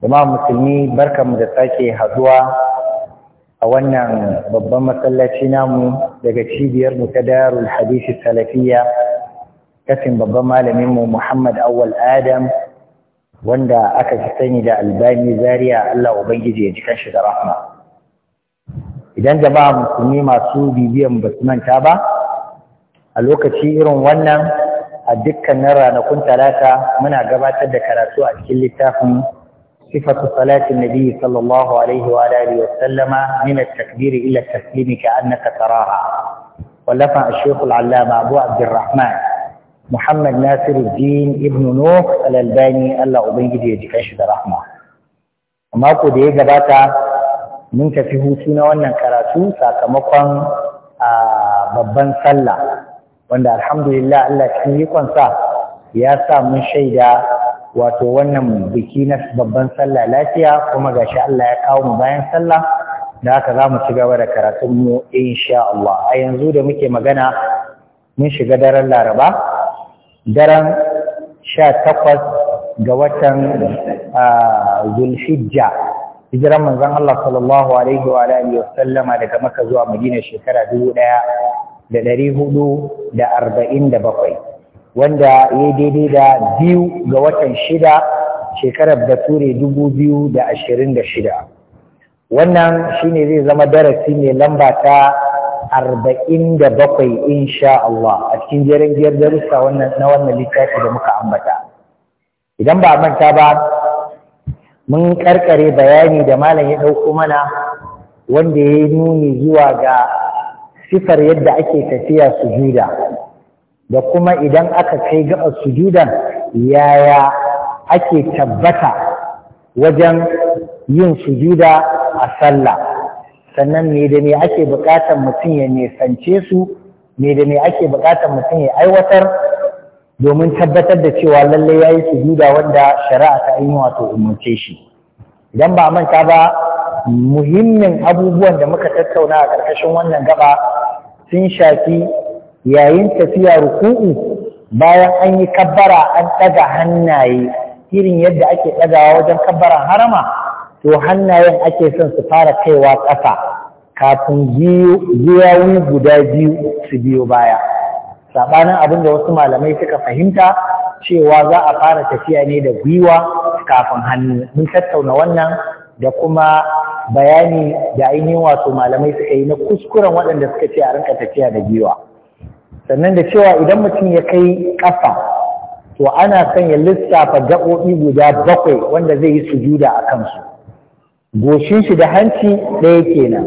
Jama'an musulmi barkanmu da sake hazuwa a wannan babban masallaci namu daga cibiyar mu ta darul hadisi salafiyya kafin babban malaminmu Muhammad Awwal Adam wanda aka fi sani da albani Zariya, Allah Ubangiji ya ji kanshi da rahma idan jama'a musulmi masu bibiyan ba su manta ba a lokaci irin wannan a dukkanin ranakun talata muna gabatar da karatu a cikin littafin صفة صلاة النبي صلى الله عليه وعلى آله وسلم من التكبير إلى التسليم كأنك تراها ولفع الشيخ العلامة أبو عبد الرحمن محمد ناصر الدين ابن نوح الألباني الله أبنجي يجفش برحمة amma ku da ya gabata mun tafi hutu na wannan karatu sakamakon babban sallah wanda alhamdulillah Allah cikin ikonsa ya sa mun shaida wato wannan biki na babban sallah lafiya kuma gashi Allah ya kawo mu bayan sallah da haka za mu ci gaba da karatun mu insha Allah a yanzu da muke magana mun shiga daren Laraba daren 18 ga watan Zulhijja hijiran manzon Allah sallallahu alaihi wa alihi wa sallama daga Makka zuwa Madina shekara 1447 wanda ya daidai da biyu ga watan shida shekarar bature dubu biyu da ashirin da shida wannan shine zai zama darasi mai lamba ta arba'in da bakwai insha Allah a cikin jerin biyar darussa na wannan littafi da muka ambata idan ba manta ba mun karkare bayani da malam ya ɗauko mana wanda ya yi nuni zuwa ga sifar yadda ake tafiya su sujuda da kuma idan aka kai gaɓa sujudan yaya ake tabbata wajen yin sujuda a sallah sannan me da me ake buƙatar mutum ya nisance su me da me ake buƙatar mutum ya aiwatar domin tabbatar da cewa lallai ya yi sujuda wanda shari'a ta yi wato umarce shi idan ba manta ba muhimmin abubuwan da muka tattauna a ƙarƙashin wannan gaba sun shafi yayin tafiya ruku'u bayan an yi kabbara an ɗaga hannaye irin yadda ake ɗagawa wajen kabbaran harama to hannayen ake son su fara kaiwa ƙasa kafin giyawi guda biyu su biyo baya saɓanin abin da wasu malamai suka fahimta cewa za a fara tafiya ne da gwiwa kafin hannu mun tattauna wannan da kuma bayani da ainihin wato malamai suka yi na kuskuren waɗanda suka ce a rinka tafiya da gwiwa sannan da cewa idan mutum ya kai ƙafa to ana son ya lissafa gaɓoɓi guda bakwai wanda zai yi sujuda a kansu goshin shi da hanci ɗaya kenan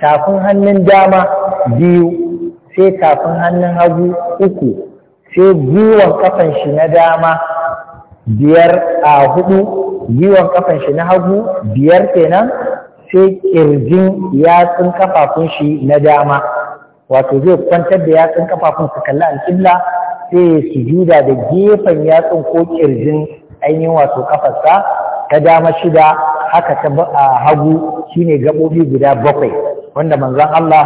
tafin hannun dama biyu sai tafin hannun hagu uku sai gwiwan kafan shi na dama biyar a hudu gwiwan kafan shi na hagu biyar kenan sai ƙirjin yatsun kafafun shi na dama wato zai kwantar da yatsun kafafun su kalli alƙibla sai ya sujuda da gefen yatsun ko kirjin ainihin wato kafarsa ta dama shida haka ta hagu shine gaɓoɓi guda bakwai wanda manzon Allah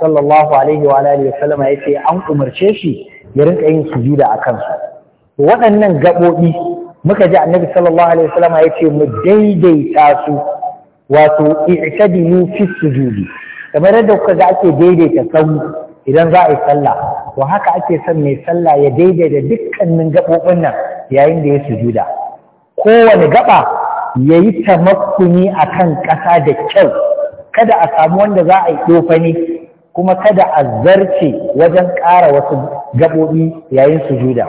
sallallahu alaihi wa alihi wasallam ya ce an umarce shi ya rinka yin sujuda a kansu waɗannan gaɓoɓi muka ji annabi sallallahu alaihi wasallam ya ce mu daidaita su wato i'tadilu fi sujudi kamar yadda kuka ga ake daidaita sau idan za a yi sallah to haka ake son mai sallah ya daidaita dukkanin gaɓoɓin nan yayin da ya sujuda kowane gaɓa ya yi tamakkuni a kan ƙasa da kyau kada a samu wanda za a yi ɗofani kuma kada a zarce wajen ƙara wasu gaɓoɓi yayin sujuda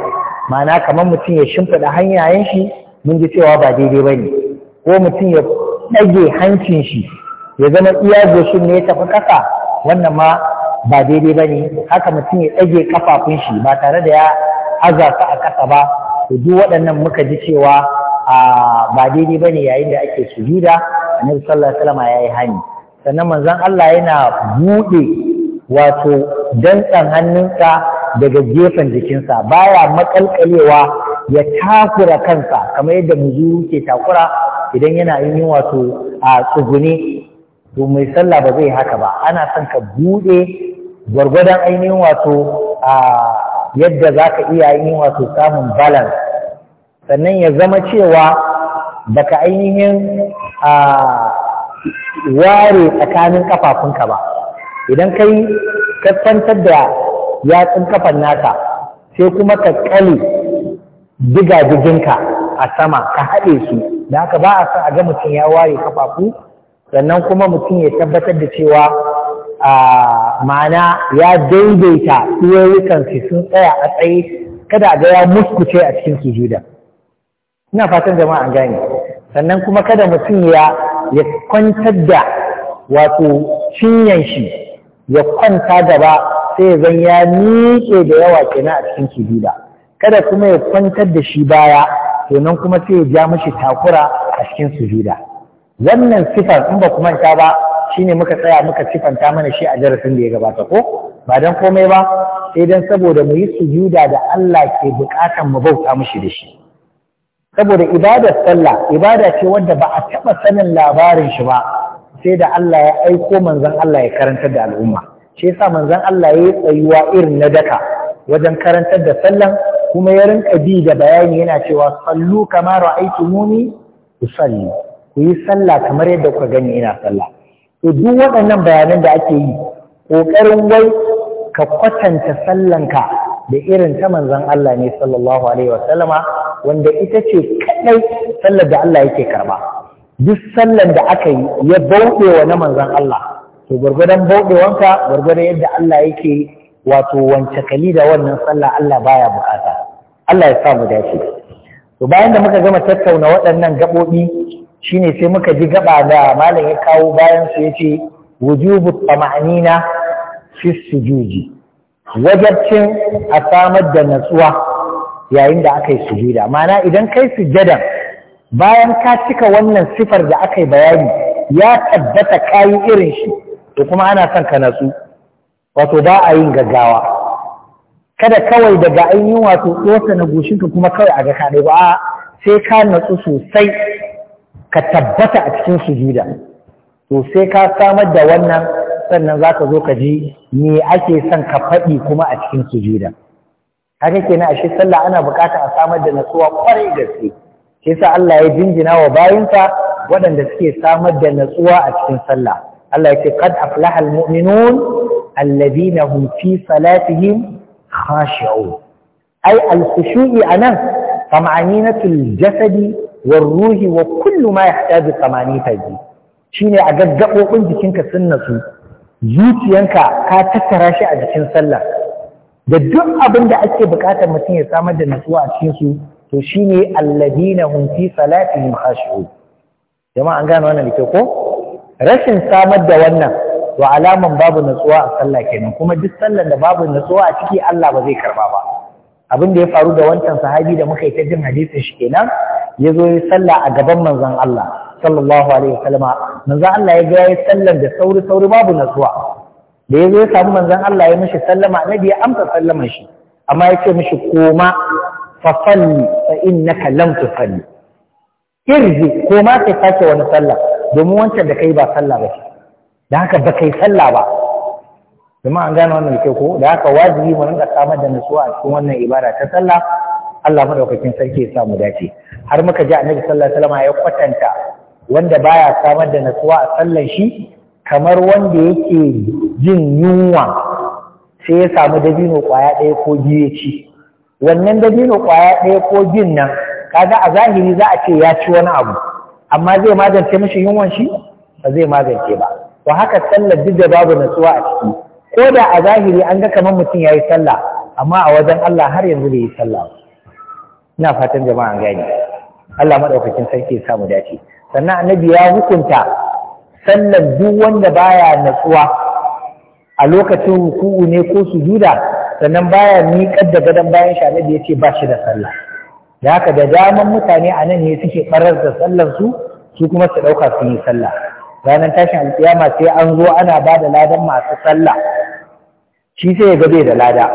ma'ana kamar mutum ya shimfiɗa hanyayen shi mun ji cewa ba daidai ba ne ko mutum ya ɗage hancin shi ya zama iya goshin ne ya tafi ƙasa wannan ma ba daidai ba ne haka mutum ya ɗage ƙafafun shi ba tare da ya aza su a ƙasa ba to duk waɗannan muka ji cewa ba daidai ba ne yayin da ake sujuda annabi sallallahu alaihi wasallam ya yi hani sannan manzon Allah yana buɗe wato dantsan hannunsa daga gefen jikinsa baya makalkalewa ya takura kansa kamar yadda muzuru ke takura idan yana yin wato a tsuguni to mai sallah ba zai haka ba ana son ka bude gwargwadon ainihin wato a yadda za ka iya ainihin wato samun balance sannan ya zama cewa baka ainihin a ware tsakanin kafafunka ba idan kai kaskantar da yatsun kafan naka sai kuma ka kali diga-diginka a sama ka haɗe su da haka ba a san a ga mutum ya ware kafafu sannan kuma mutum ya tabbatar da cewa ma'ana ya daidaita su sun tsaya a tsaye kada ga ya muskuce a cikin sujuda ina fatan jama'a an gane sannan kuma kada mutum ya ya kwantar da wato cinyan shi ya kwanta gaba sai zan ya miƙe da yawa kenan a cikin sujuda kada kuma ya kwantar da shi baya sannan kuma sai ya ja mashi takura a cikin sujuda wannan sifar in ba ku manta ba shine muka tsaya muka sifanta mana shi a darasin da ya gabata ko ba dan komai ba sai dan saboda mu yi sujuda da Allah ke bukatan mu bauta mishi da shi saboda ibadar sallah ibada ce wadda ba a taba sanin labarin shi ba sai da Allah ya aiko manzon Allah ya karantar da al'umma shi yasa manzon Allah ya yi tsayuwa irin na daka wajen karantar da sallan kuma ya rinka bi da bayani yana cewa sallu kama ra'aytumuni usalli ku yi sallah kamar yadda kuka gani ina sallah to duk waɗannan bayanan da ake yi ƙoƙarin wai ka kwatanta sallanka da irin ta manzon Allah ne sallallahu alaihi wa sallama wanda ita ce kadai sallar da Allah yake karba duk sallan da aka yi ya bauɗewa na manzon Allah to gwargwadon bauɗewanka gwargwadon yadda Allah yake wato wance kali da wannan sallah Allah baya bukata Allah ya sa mu dace to bayan da muka gama tattauna waɗannan gaɓoɓi Shi ne sai muka ji gaba da malam ya kawo bayan su yace wujubu tsama'anina fi sujuji wajabcin a samar da natsuwa yayin da aka yi sujuda mana idan kai sujada bayan ka cika wannan sifar da aka yi bayani ya tabbata kayi irin shi to kuma ana son ka natsu wato ba a yin gaggawa kada kawai daga ainihin wato tsotsa na gushinka kuma kawai a ga kaɗai ba sai ka natsu sosai ka tabbata a cikin sujuda to sai ka samar da wannan sannan za ka zo ka ji me ake son ka faɗi kuma a cikin sujuda haka kenan ashe sallah ana bukata a samar da natsuwa kwarai gaske shi yasa Allah ya jinjina wa bayinsa waɗanda suke samar da natsuwa a cikin sallah Allah ya ce qad aflaha almu'minun alladhina hum fi salatihim khashi'un ai alkhushu'i anan tama'aninatul jasadi wa ruhi wa kullu ma yahtaju ji. shine a gaggabobin jikinka sun nasu zuciyanka ka tattara shi a jikin sallah da duk abinda ake bukatar mutum ya samar da nasuwa a cikin su to shine alladina hum fi salatihim khashu'un jama'a an gane wannan da ko rashin samar da wannan to alaman babu natsuwa a sallah kenan kuma duk sallar da babu natsuwa a ciki Allah ba zai karɓa ba abin da ya faru da wancan sahabi da muka yi ta jin hadisin shi kenan ya zo yi sallah a gaban manzan Allah sallallahu alaihi wasallam Manzan Allah ya ga yi sallan da sauri sauri babu natsuwa da ya zo ya samu manzan Allah ya mishi sallama Na ya amsa sallaman shi amma ya ce mishi koma fa salli fa innaka lam tusalli irji koma kai sake wani sallah domin wancan da kai ba sallah ba da haka ba kai sallah ba kuma an gane wannan kyau ko da haka wajibi mu rinka samar da nutsuwa a cikin wannan ibada ta sallah Allah madaukakin sarki ya sa mu dace har muka ji annabi sallallahu alaihi wasallam ya kwatanta wanda baya samar da nutsuwa a sallar shi kamar wanda yake jin yunwa sai ya samu dabino kwaya ɗaya ko biyu ci wannan dabino kwaya ɗaya ko biyun nan kaga a zahiri za a ce ya ci wani abu amma zai magance mishi yunwan shi ba zai magance ba to haka sallar duk da babu nutsuwa a ciki ko da a zahiri an ga kamar mutum ya yi sallah amma a wajen Allah har yanzu bai yi sallah ina fatan jama'a gani Allah maɗaukacin sarki ya samu dace sannan annabi ya hukunta sallan duk wanda baya natsuwa a lokacin ruku'u ne ko sujuda sannan baya miƙar da gadon bayan shi annabi ya ce ba shi da sallah da haka da daman mutane a nan ne suke ɓarar da sallar su su kuma su ɗauka su yi sallah ranar tashin alkiyama sai an zo ana ba da ladan masu sallah shi sai ya ga bai da lada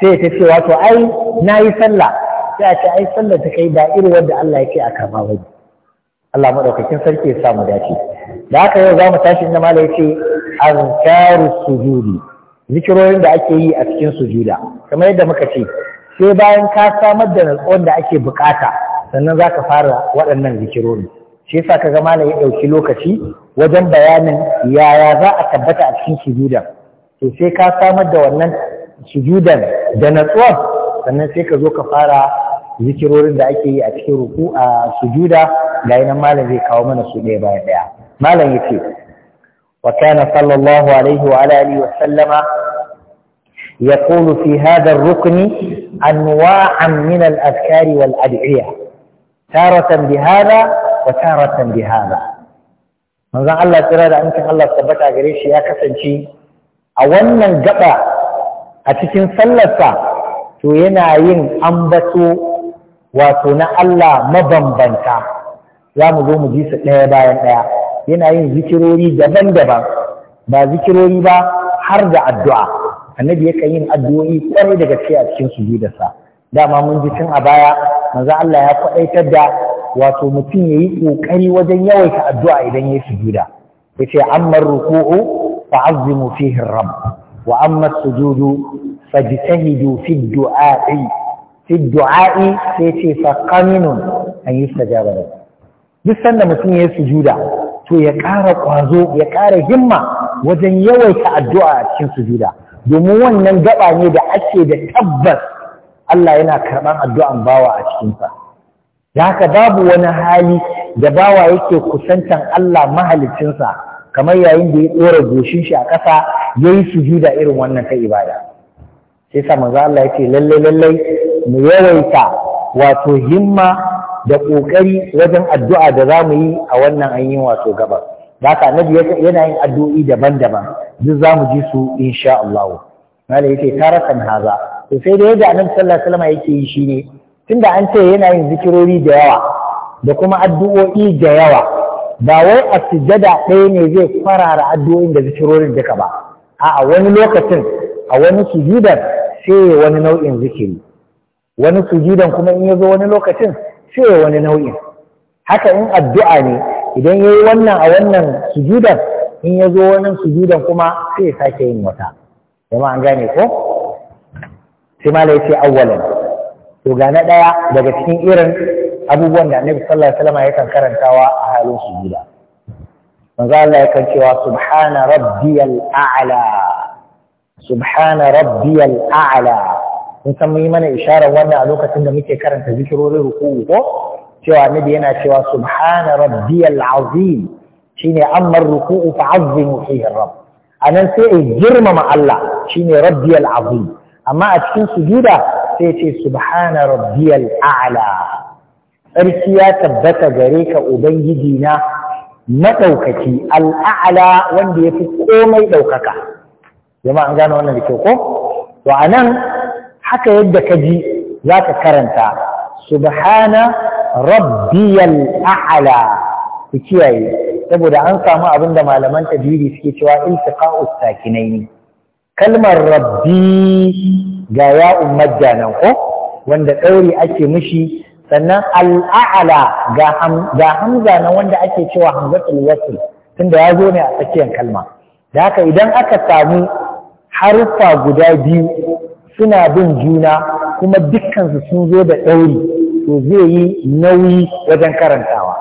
sai ta ce wato ai na yi sallah sai a ce ai sallah ta kai ba irin wanda Allah ya ce a kama ba Allah maɗaukakin sarki ya samu dace da haka yau za mu tashi inda malai ce an kyaru sujudi zikirorin da ake yi a cikin sujuda kamar yadda muka ce sai bayan ka samar da natsuwan da ake bukata sannan za ka fara waɗannan zikirorin shi yasa kaga malam ya dauki lokaci wajen bayanin yaya za a tabbata a cikin sujuda to sai ka samar da wannan sujudan da natsuwa sannan sai ka zo ka fara zikirorin da ake yi a cikin ruku a sujuda ga yanan malam zai kawo mana su ɗaya bayan ɗaya malam ya ce wa kana sallallahu alaihi wa alihi wa sallama يقول في هذا الركن أنواعا من الأذكار والأدعية تارة بهذا wa taratan bi manzon Allah tsira da amincin Allah tabbata gare shi ya kasance a wannan gaba a cikin sallarsa to yana yin ambato wato na Allah mabambanta za mu zo mu ji su ɗaya bayan ɗaya yana yin zikirori daban-daban ba zikirori ba har da addu'a annabi yakan yin addu'o'i kwarai da gaske a cikin sujudarsa dama mun ji tun a baya manzo Allah ya faɗaitar da wato mutum yayi ƙoƙari wajen yawaita addu'a idan ya sujuda yace Ammar ruku'u fa'azzimu fihi rabb wa amma sujudu fajtahidu fi du'a'i fi du'a'i sai ce fa qaminun an yustajaba lahu duk sanda mutum ya sujuda to ya ƙara ƙwazo ya ƙara himma wajen yawaita addu'a a cikin sujuda domin wannan gaba ne da ake da tabbas Allah yana karɓar addu'an bawa a cikinsa da haka babu wani hali da bawa yake kusantan Allah mahalicinsa kamar yayin da ya ɗora goshin shi a ƙasa ya yi su sujuda irin wannan ta ibada sai sa manzo Allah yake lallai lallai mu yawaita wato himma da ƙoƙari wajen addu'a da za mu yi a wannan yi wato gabas da haka yana yin addu'o'i daban-daban duk za mu ji su insha Allah. Mala yake tarakan haza to sai da yadda annabi sallallahu alaihi wasallam yake yi shine tunda an ce yana yin zikirori da yawa da kuma addu'o'i da yawa ba wai a sujada ɗaya ne zai kwarara addu'o'in da zikirorin duka ba a wani lokacin a wani sujudan sai wani nau'in zikiri wani sujudan kuma in ya zo wani lokacin sai wani nau'in haka in addu'a ne idan ya yi wannan a wannan sujudan in ya zo wani sujudan kuma sai ya sake yin wata jama'a an gane ko sai mala yace awwalan to ga na daya daga cikin irin abubuwan da annabi sallallahu alaihi wasallam yakan karantawa a halin sujuda manzo Allah yakan cewa subhana rabbiyal a'la subhana rabbiyal a'la mun san mun mana isharar wannan a lokacin da muke karanta zikirorin ruku'u ko cewa annabi yana cewa subhana rabbiyal azim shine amma ruku'u fa'azzimu fihi rabb anan sai girmama Allah shine rabbiyal azim amma a cikin sujuda sai ce subhana rabbiyal a'la sarki ya tabbata gare ka ubangiji na madaukaki al'a'la wanda yafi komai daukaka jama'a an gano wannan da kyau ko to anan haka yadda ka ji zaka karanta subhana rabbiyal a'la ku kiyaye saboda an samu abin da malaman tajwidi suke cewa iltiqa'us sakinaini kalmar rabbi ga ya ya'un nan ko wanda ɗauri ake mushi sannan al'a'ala ga hamza na wanda ake cewa hamzatul wasil tunda ya zo ne a tsakiyar kalma da haka idan aka samu haruffa guda biyu suna bin juna kuma dukkansu sun zo da ɗauri to zai yi nauyi wajen karantawa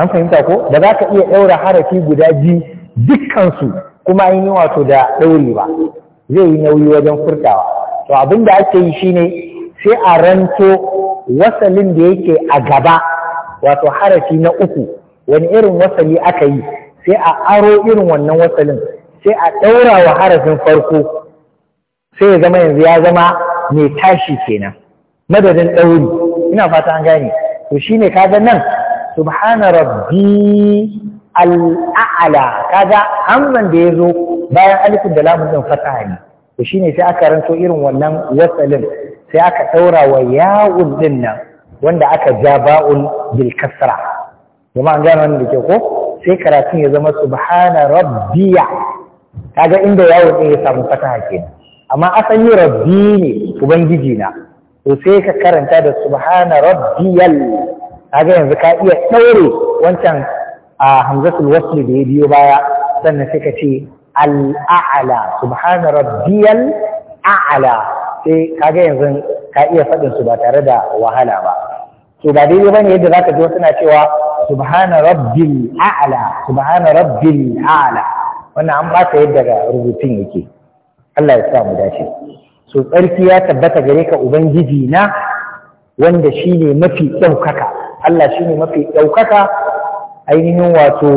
an fahimta ko da za ka iya ɗaura harafi guda biyu dukkansu kuma ainihin wato da ɗauri ba zai yi nauyi wajen furtawa to abin da ake yi shine sai a ranto wasalin da yake a gaba wato harafi na uku wani irin wasali aka yi sai a aro irin wannan wasalin sai a ɗaura wa harafin farko sai ya zama yanzu ya zama mai tashi kenan madadin ɗauri ina fata an gane to shine kaga nan subhana rabbi al'a'ala kaga hannun da ya zo bayan alifin da lamun ɗin fataha ne to shine sai aka ranto irin wannan wasalin sai aka ɗaura wa yawun ɗin nan wanda aka ja ba'un bil kasra an gano da ke ko sai karatun ya zama subhana rabbiya kaga inda yawun ɗin ya samu fataha ke, amma asali rabbi ne ubangiji na to sai ka karanta da subhana rabbiyal kaga yanzu ka iya ɗaure wancan a hamzatul wasli da ya biyo baya sannan sai ka ce al'a'ala subhana rabbiyal a'ala sai kaga yanzu ka iya faɗin su ba tare da wahala ba to ba daidai bane yadda zaka ji na cewa subhana rabbil aala subhana rabbil aala wannan an ba yadda ga rubutun yake Allah ya sa mu dace so tsarki ya tabbata gare ka ubangiji na wanda shine mafi ɗaukaka Allah shine mafi ɗaukaka ainihin wato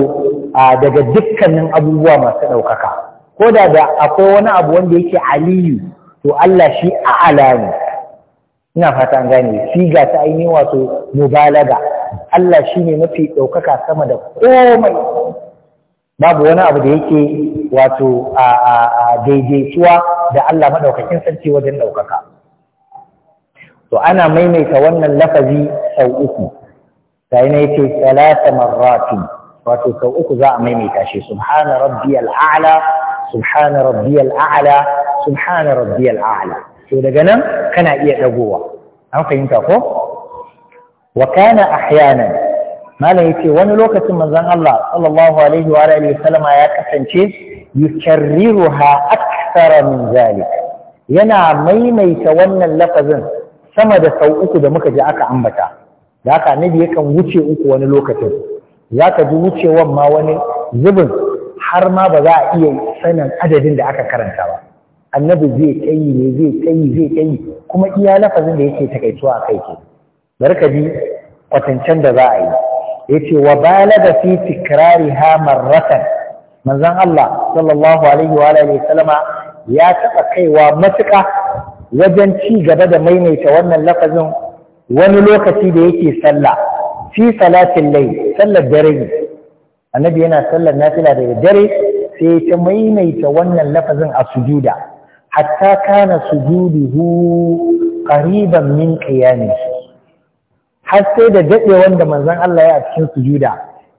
daga dukkanin abubuwa masu ɗaukaka ko da da akwai wani abu wanda yake aliyu to Allah shi a'ala ne ina fata an gane siga ta ainihin wato mubalaga Allah shi ne mafi ɗaukaka sama da komai babu wani abu da yake wato a daidaituwa da Allah maɗaukakin sarki wajen ɗaukaka to ana maimaita wannan lafazi sau uku sai ne yake salata marratin wato sau uku za a maimaita shi subhana rabbiyal a'la subhana rabbiyal a'la subhana rabbiyal a'la to daga nan kana iya dagowa an fahimta ko wa kana ahyanan malam yace wani lokacin manzon Allah sallallahu alaihi wa alihi wasallama ya kasance yukarriruha akthara min zalik yana maimaita wannan lafazin sama da sau uku da muka ji aka ambata da haka annabi yakan wuce uku wani lokacin za ka ji wucewan ma wani zubin har ma ba za a iya sanin adadin da aka karanta ba annabi zai tsayi ne zai tsayi zai tsayi kuma iya lafazin da yake takaituwa a kai ke bari ka ji kwatancen da za a yi yace wa balaga fi tikrariha marratan manzon Allah sallallahu alaihi wa sallama ya taɓa kaiwa matuka wajen ci gaba da maimaita wannan lafazin wani lokaci da yake sallah fi salatin lai sallar dare ne annabi yana sallar nafila daga dare sai ta maimaita wannan lafazin a sujuda hatta kana sujuduhu qariban min qiyamihi har sai da daɗe wanda manzon Allah ya a cikin sujuda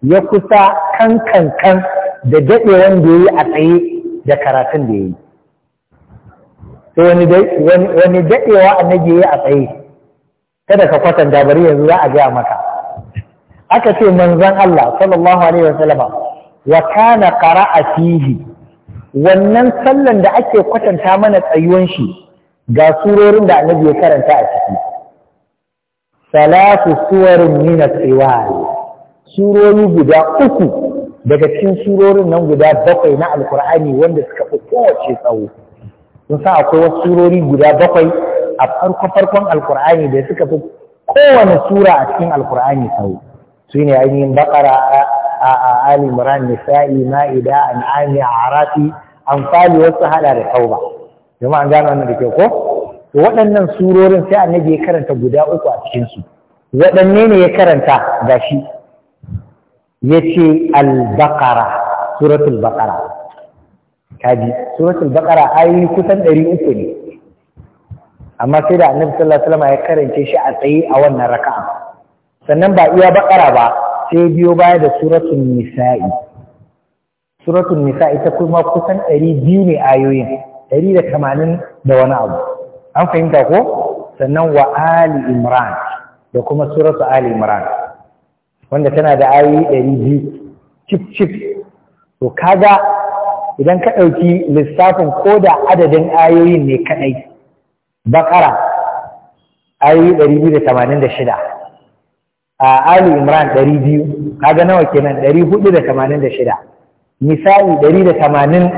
ya kusa kan kan kan da daɗe wanda ya yi a tsaye da karatun da ya yi sai wani daɗewa annabi yayi a tsaye kada ka kwatanta bari yanzu za a gaya maka aka ce manzon Allah sallallahu alaihi wasallam wa kana qara'a fihi wannan sallan da ake kwatanta mana tsayuwan shi ga surorin da annabi ya karanta a ciki salatu suwarin min at-tiwal surori guda uku daga cikin surorin nan guda bakwai na alkur'ani wanda suka fi kowace tsawo sun sa akwai wasu surori guda bakwai a farko farkon alkur'ani da suka fi kowane sura a cikin alkur'ani sau su ne ainihin bakara a ali imran nisa'i ma'ida an'ami arafi amfani wasu hada da tauba jama'a an gano wannan da ke ko to waɗannan surorin sai annabi ya karanta guda uku a cikin su waɗanne ne ya karanta ga gashi yace al-baqara suratul baqara kaji suratul baqara ayi kusan 300 ne amma sai da annabi sallallahu alaihi wasallam ya karance shi a tsaye a wannan raka'a sannan ba iya bakara ba sai biyo baya da suratul nisa'i suratul nisa'i ta kuma kusan 200 ne ayoyin 180 da wani abu an fahimta ko sannan wa ali imran da kuma suratul ali imran wanda tana da ayoyi 200 cip cip to kaga idan ka dauki lissafin koda adadin ayoyin ne kadai bakara ayoyi ɗari biyu da tamanin da shida a ali imran ɗari biyu kaga nawa kenan ɗari huɗu da tamanin da shida misali ɗari da tamanin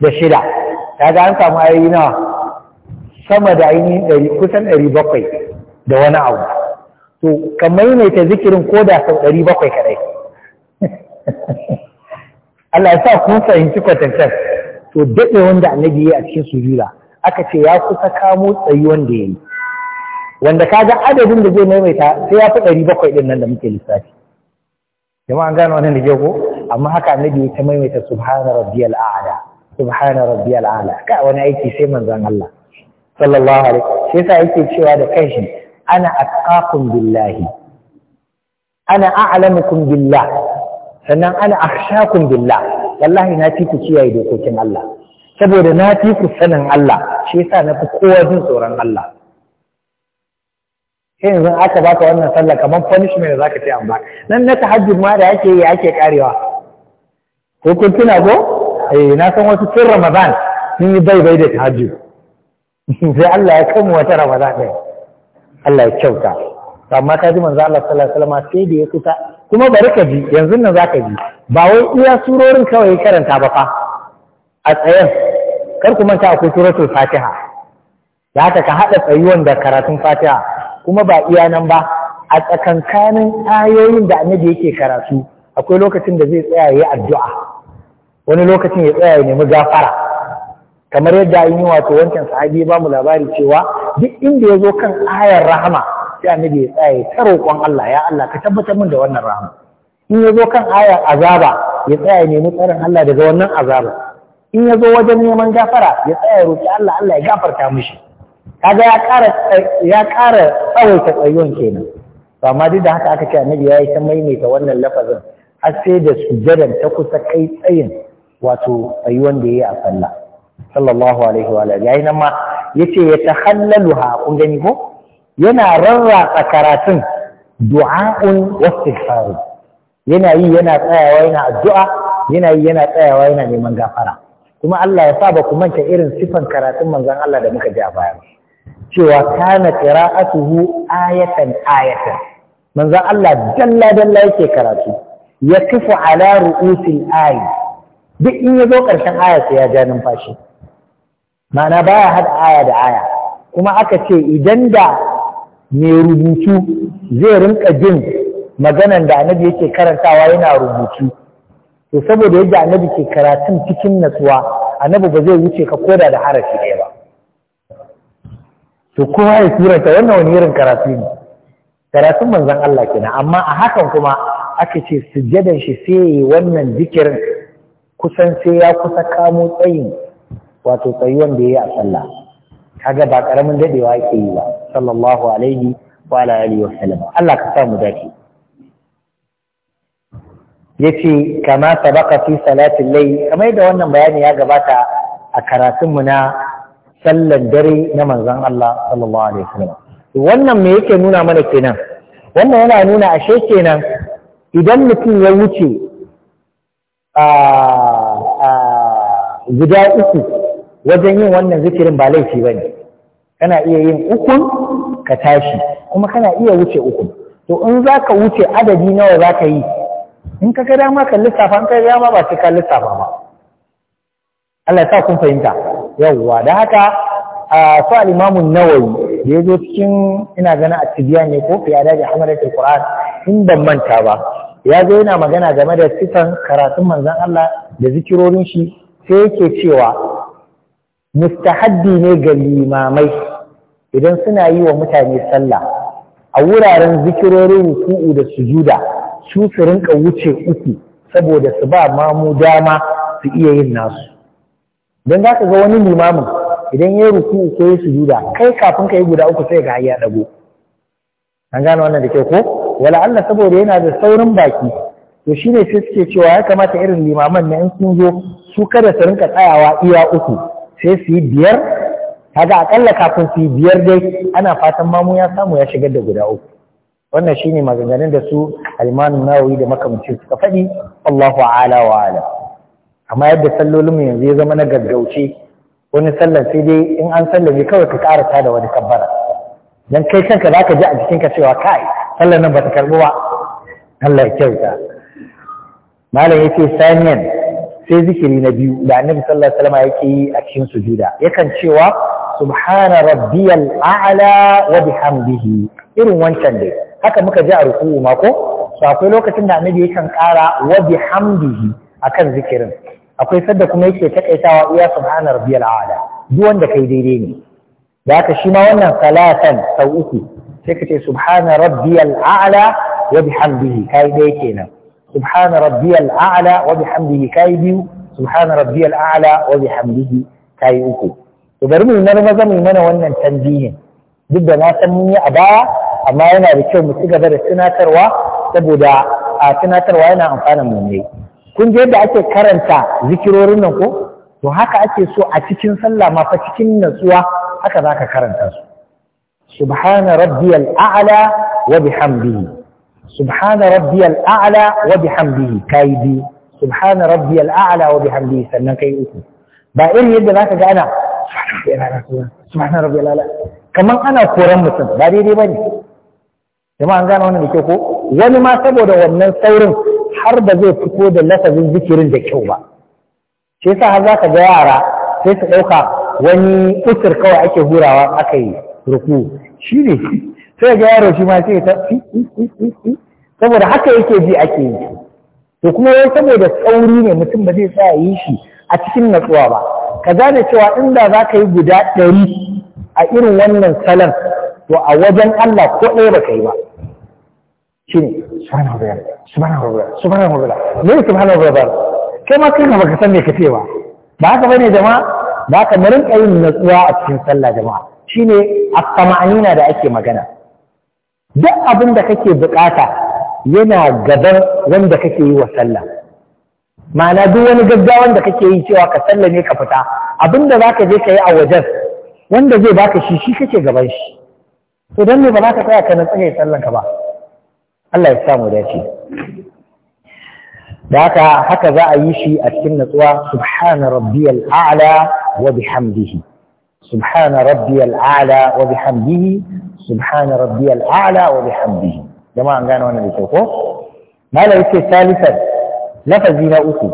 da shida kaga an samu ayoyi nawa sama da ainihin ɗari kusan ɗari bakwai da wani abu to ka maimaita zikirin ko da sau ɗari bakwai kaɗai Allah ya sa kun fahimci kwatantar to daɗe wanda annabi ya a cikin sujuda aka ce ya kusa kamo tsayuwan wanda ya yi wanda ka ga adadin da zai maimaita sai ya fi ɗari bakwai ɗin nan da muke lissafi jama'a an gano wannan da ke ko amma haka annabi ya ta maimaita subhana rabbiyal a'la subhana rabbiyal a'la ka wani aiki sai manzon Allah sallallahu alaihi shi sa yake cewa da kanshi ana atqakum billahi ana a'lamukum billah sannan ana akhshakum billah wallahi na fi ku kiyaye dokokin Allah saboda na fi ku sanin Allah shi yasa na fi kowa jin tsoron Allah sai yanzu aka baka wannan sallah kamar punishment da zaka ce an baka nan na tahajjud ma da yake yi ake karewa ko kun tuna ko eh na san wasu tun Ramadan sun yi bai bai da tahajjud sai Allah ya kama wata Ramadan ɗin Allah ya kyauta amma ka ji manzo Allah sallallahu alaihi wasallam sai da ya kusa kuma bari ka ji yanzu nan zaka ji ba wai iya surorin kawai karanta ba fa a tsayen kar ku manta akwai suratul fatiha Ya haka ka haɗa tsayuwan da karatun fatiha kuma ba iya nan ba a tsakankanin ayoyin da annabi yake karatu akwai lokacin da zai tsaya ya addu'a wani lokacin ya tsaya ya nemi gafara kamar yadda an yi wato wancan sahabi ba mu labari cewa duk inda ya zo kan ayar rahama sai annabi ya tsaya ya ta roƙon Allah ya Allah ka tabbatar min da wannan rahama in ya zo kan ayar azaba ya tsaya ya nemi tsarin Allah daga wannan azaba in ya zo wajen neman gafara ya tsaya roƙi Allah Allah ya gafarta mishi kaga ya ƙara ya ƙara tsawaita tsayuwan kenan to amma duk da haka aka ce annabi ya yi ta maimaita wannan lafazin har sai da sujadan ta kusa kai tsayin wato tsayuwan da yayi yi a sallah sallallahu alaihi wa alihi yayin ma yace ya tahallaluha kun gani ko yana rarratsa karatun du'a'un istighfar yana yi yana tsayawa yana addu'a yana yi yana tsayawa yana neman gafara kuma Allah ya sa ba ku manta irin sifan karatun manzon Allah da muka ji a baya cewa kana qira'atuhu ayatan ayatan manzon Allah dalla dalla yake karatu ya kifu ala ru'usil ay duk in yazo zo ƙarshen aya sai ya ja numfashi ma'ana baya had aya da aya kuma aka ce idan da mai rubutu zai rinka jin maganan da annabi yake karantawa yana rubutu to saboda yadda annabi ke karatun cikin natsuwa annabi ba zai wuce ka koda da harafi ɗaya ba to kowa ya surata wannan wani irin karatu ne karatun manzon Allah kenan amma a hakan kuma aka ce sujjadan shi sai wannan zikirin kusan sai ya kusa kamo tsayin wato tsayuwan da ya yi a sallah kaga ba karamin dadewa yake yi ba sallallahu alaihi wa alihi wa sallam Allah ka samu mu dace yace kama sabaka fi salatin lai kamar da wannan bayani ya gabata a karatunmu na sallar dare na manzon Allah sallallahu alaihi wasallam wannan me yake nuna mana kenan wannan yana nuna ashe kenan idan mutum ya wuce a guda uku wajen yin wannan zikirin ba laifi ba ne kana iya yin ukun ka tashi kuma kana iya wuce uku to in za ka wuce adadi nawa za ka yi in ka ga dama kan lissafa in ka ga dama ba sai ka lissafa ba Allah ya sa kun fahimta yawwa da haka a su al-imamun nawawi da ya zo cikin ina gana a tibiya ne ko fiya daji hamadatul qur'an in ban manta ba ya zo yana magana game da sifan karatun manzon Allah da zikirorin shi sai yake cewa mustahaddi ne ga limamai idan suna yi wa mutane sallah a wuraren zikirorin ruku'u da sujuda su su rinka wuce uku saboda su ba mamu dama su iya yin nasu don za ka ga wani limamin idan ya ruku ko ya sujuda kai kafin ka yi guda uku sai ga ya dago an gane wannan da ke ko wala Allah saboda yana da saurin baki to shi ne sai suke cewa ya kamata irin limaman na in sun zo su kada su rinka tsayawa iya uku sai su yi biyar kaga akalla kafin su yi biyar dai ana fatan mamu ya samu ya shigar da guda uku wannan shine maganganun da su al-Imam da makamancin suka faɗi Allahu a'ala wa amma yadda sallolin yanzu ya zama na gaggauce wani sallar sai dai in an sallame kawai ka karata da wani kabbara dan kai kanka ka ji a jikinka cewa kai sallar nan ta karbu ba Allah ya kyauta malam ce saniyan sai zikiri na biyu da annabi sallallahu alaihi wasallam yake yi a cikin sujuda yakan cewa subhana rabbiyal a'la wa bihamdihi irin wancan dai haka muka ji a ruku'u ma ko akwai lokacin da annabi yakan ƙara wa bihamdihi akan zikirin akwai sadda kuma yake takaitawa iya subhana rabbiyal a'la duk wanda kai daidai ne da haka shi ma wannan salatan sau uku sai ka ce subhana rabbiyal a'la wa bihamdihi kai dai kenan subhana rabbiyal a'la wa bihamdihi kai biyu subhana rabbiyal a'la wa bihamdihi kai uku to bari mu yi maza mu mana wannan tanbihin duk da na san mun yi a baya amma yana da kyau mu ci gaba da tunatarwa saboda a tunatarwa yana amfanin mu ne kun je da ake karanta zikirorin nan ko to haka ake so a cikin sallah ma fa cikin natsuwa haka zaka karanta su subhana rabbiyal a'la wa bihamdihi subhana rabbiyal a'la wa bihamdihi kai bi subhana rabbiyal a'la wa bihamdihi sannan kai uku ba irin yadda zaka ga ana subhana rabbiyal a'la kaman ana koran mutum ba daidai bane jama'a an gane wannan da kyau ko wani ma saboda wannan saurin har ba zai fito da lafazin zikirin da kyau ba shi yasa har zaka ga yara sai su ɗauka wani usur kawai ake hurawa aka yi ruku shi ne sai ga yaro shi ma sai ta saboda haka yake ji ake yi to kuma wai saboda sauri ne mutum ba zai tsaya yi shi a cikin natsuwa ba ka gane cewa inda za ka yi guda ɗari a irin wannan salon to a wajen Allah ko ɗaya ba yi ba shi ne subhanahu wa ta'ala subhanahu wa ta'ala ne subhanahu wa ta'ala kai ma kai ba san me ka ce ba ba haka bane jama'a ba ka marin yin natsuwa a cikin sallah jama'a shine at-tama'nina da ake magana duk abin da kake bukata yana gaban wanda kake yi wa sallah ma'ana duk wani gaggawan da kake yi cewa ka sallame ka fita abinda zaka je ka yi a wajen wanda zai baka shi shi kake gaban shi to don ne ba za ka tsaya ka na tsaye tsallanka ba Allah ya samu dace da haka haka za a yi shi a cikin natsuwa subhana rabbiyal a'la wa bihamdihi subhana rabbiyal a'la wa bihamdihi subhana rabbiyal a'la wa bihamdihi jama'a an gane wannan da kyau ko mala yake salisan lafazi na uku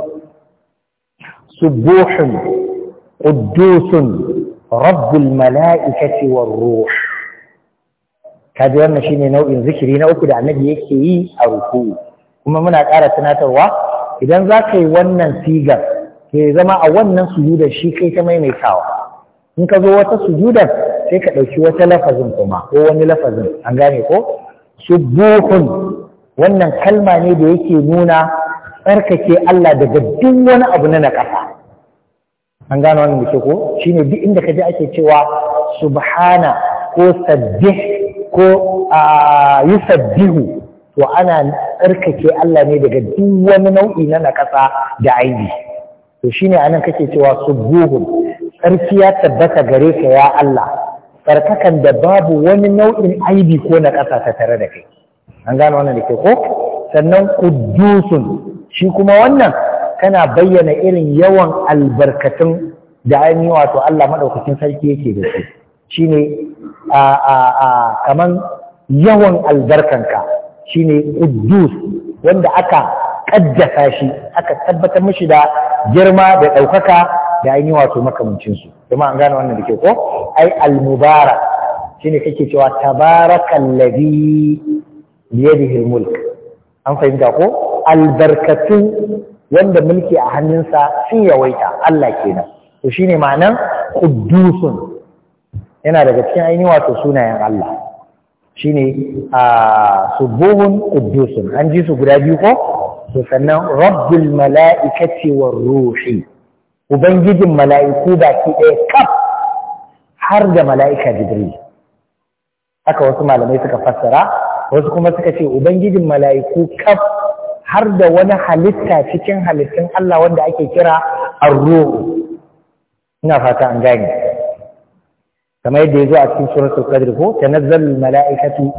subuhun قدوس رب الملائكة والروح kaji wannan shine nau'in zikiri na uku da annabi yake yi a ruku kuma muna ƙara tunatarwa idan za ka yi wannan sigar ke zama a wannan sujudar shi kai ta maimaitawa in ka zo wata sujudar sai ka ɗauki wata lafazin kuma ko wani lafazin an gane ko subuhun wannan kalma ne da yake nuna tsarkake Allah daga duk wani abu na naƙasa an gane wannan da ke ko shine duk inda ka ji ake cewa subhana ko sabbih ko a yi sabbihu to ana tsarkake Allah ne daga duk wani nau'i na nakasa da aibi to shine anan kake cewa subuhu tsarki ya tabbata gare ka ya Allah tsarkakan da babu wani nau'in aibi ko nakasa ta tare da kai an gano wannan da ke ko sannan kudusun shi kuma wannan kana bayyana irin yawan albarkatun da ainihi wato Allah madaukakin sarki yake da su shine a a kaman yawan albarkanka shine quddus wanda aka ƙaddasa shi aka tabbatar mashi da girma da ɗaukaka da an yi wato makamancinsu kuma an gane wannan da ke ko ai almubara. Shi ne kake cewa tabarakallazi biyadihi al-mulk an fahimta ko albarkatu wanda mulki a hannunsa sun yawaita Allah kenan to shine ma'anan quddusun yana daga cikin ainihin wato sunayen Allah shine a subuhun quddusun an ji su guda biyu ko to sannan rabbul mala'ikati war ubangijin mala'iku baki ɗaya kaf har da mala'ika jibril haka wasu malamai suka fassara wasu kuma suka ce ubangijin mala'iku kaf har da wani halitta cikin halittun Allah wanda ake kira ar-ruh ina fata an gane kamar yadda ya zo a cikin suratul qadr ko tanazzalul mala'ikatu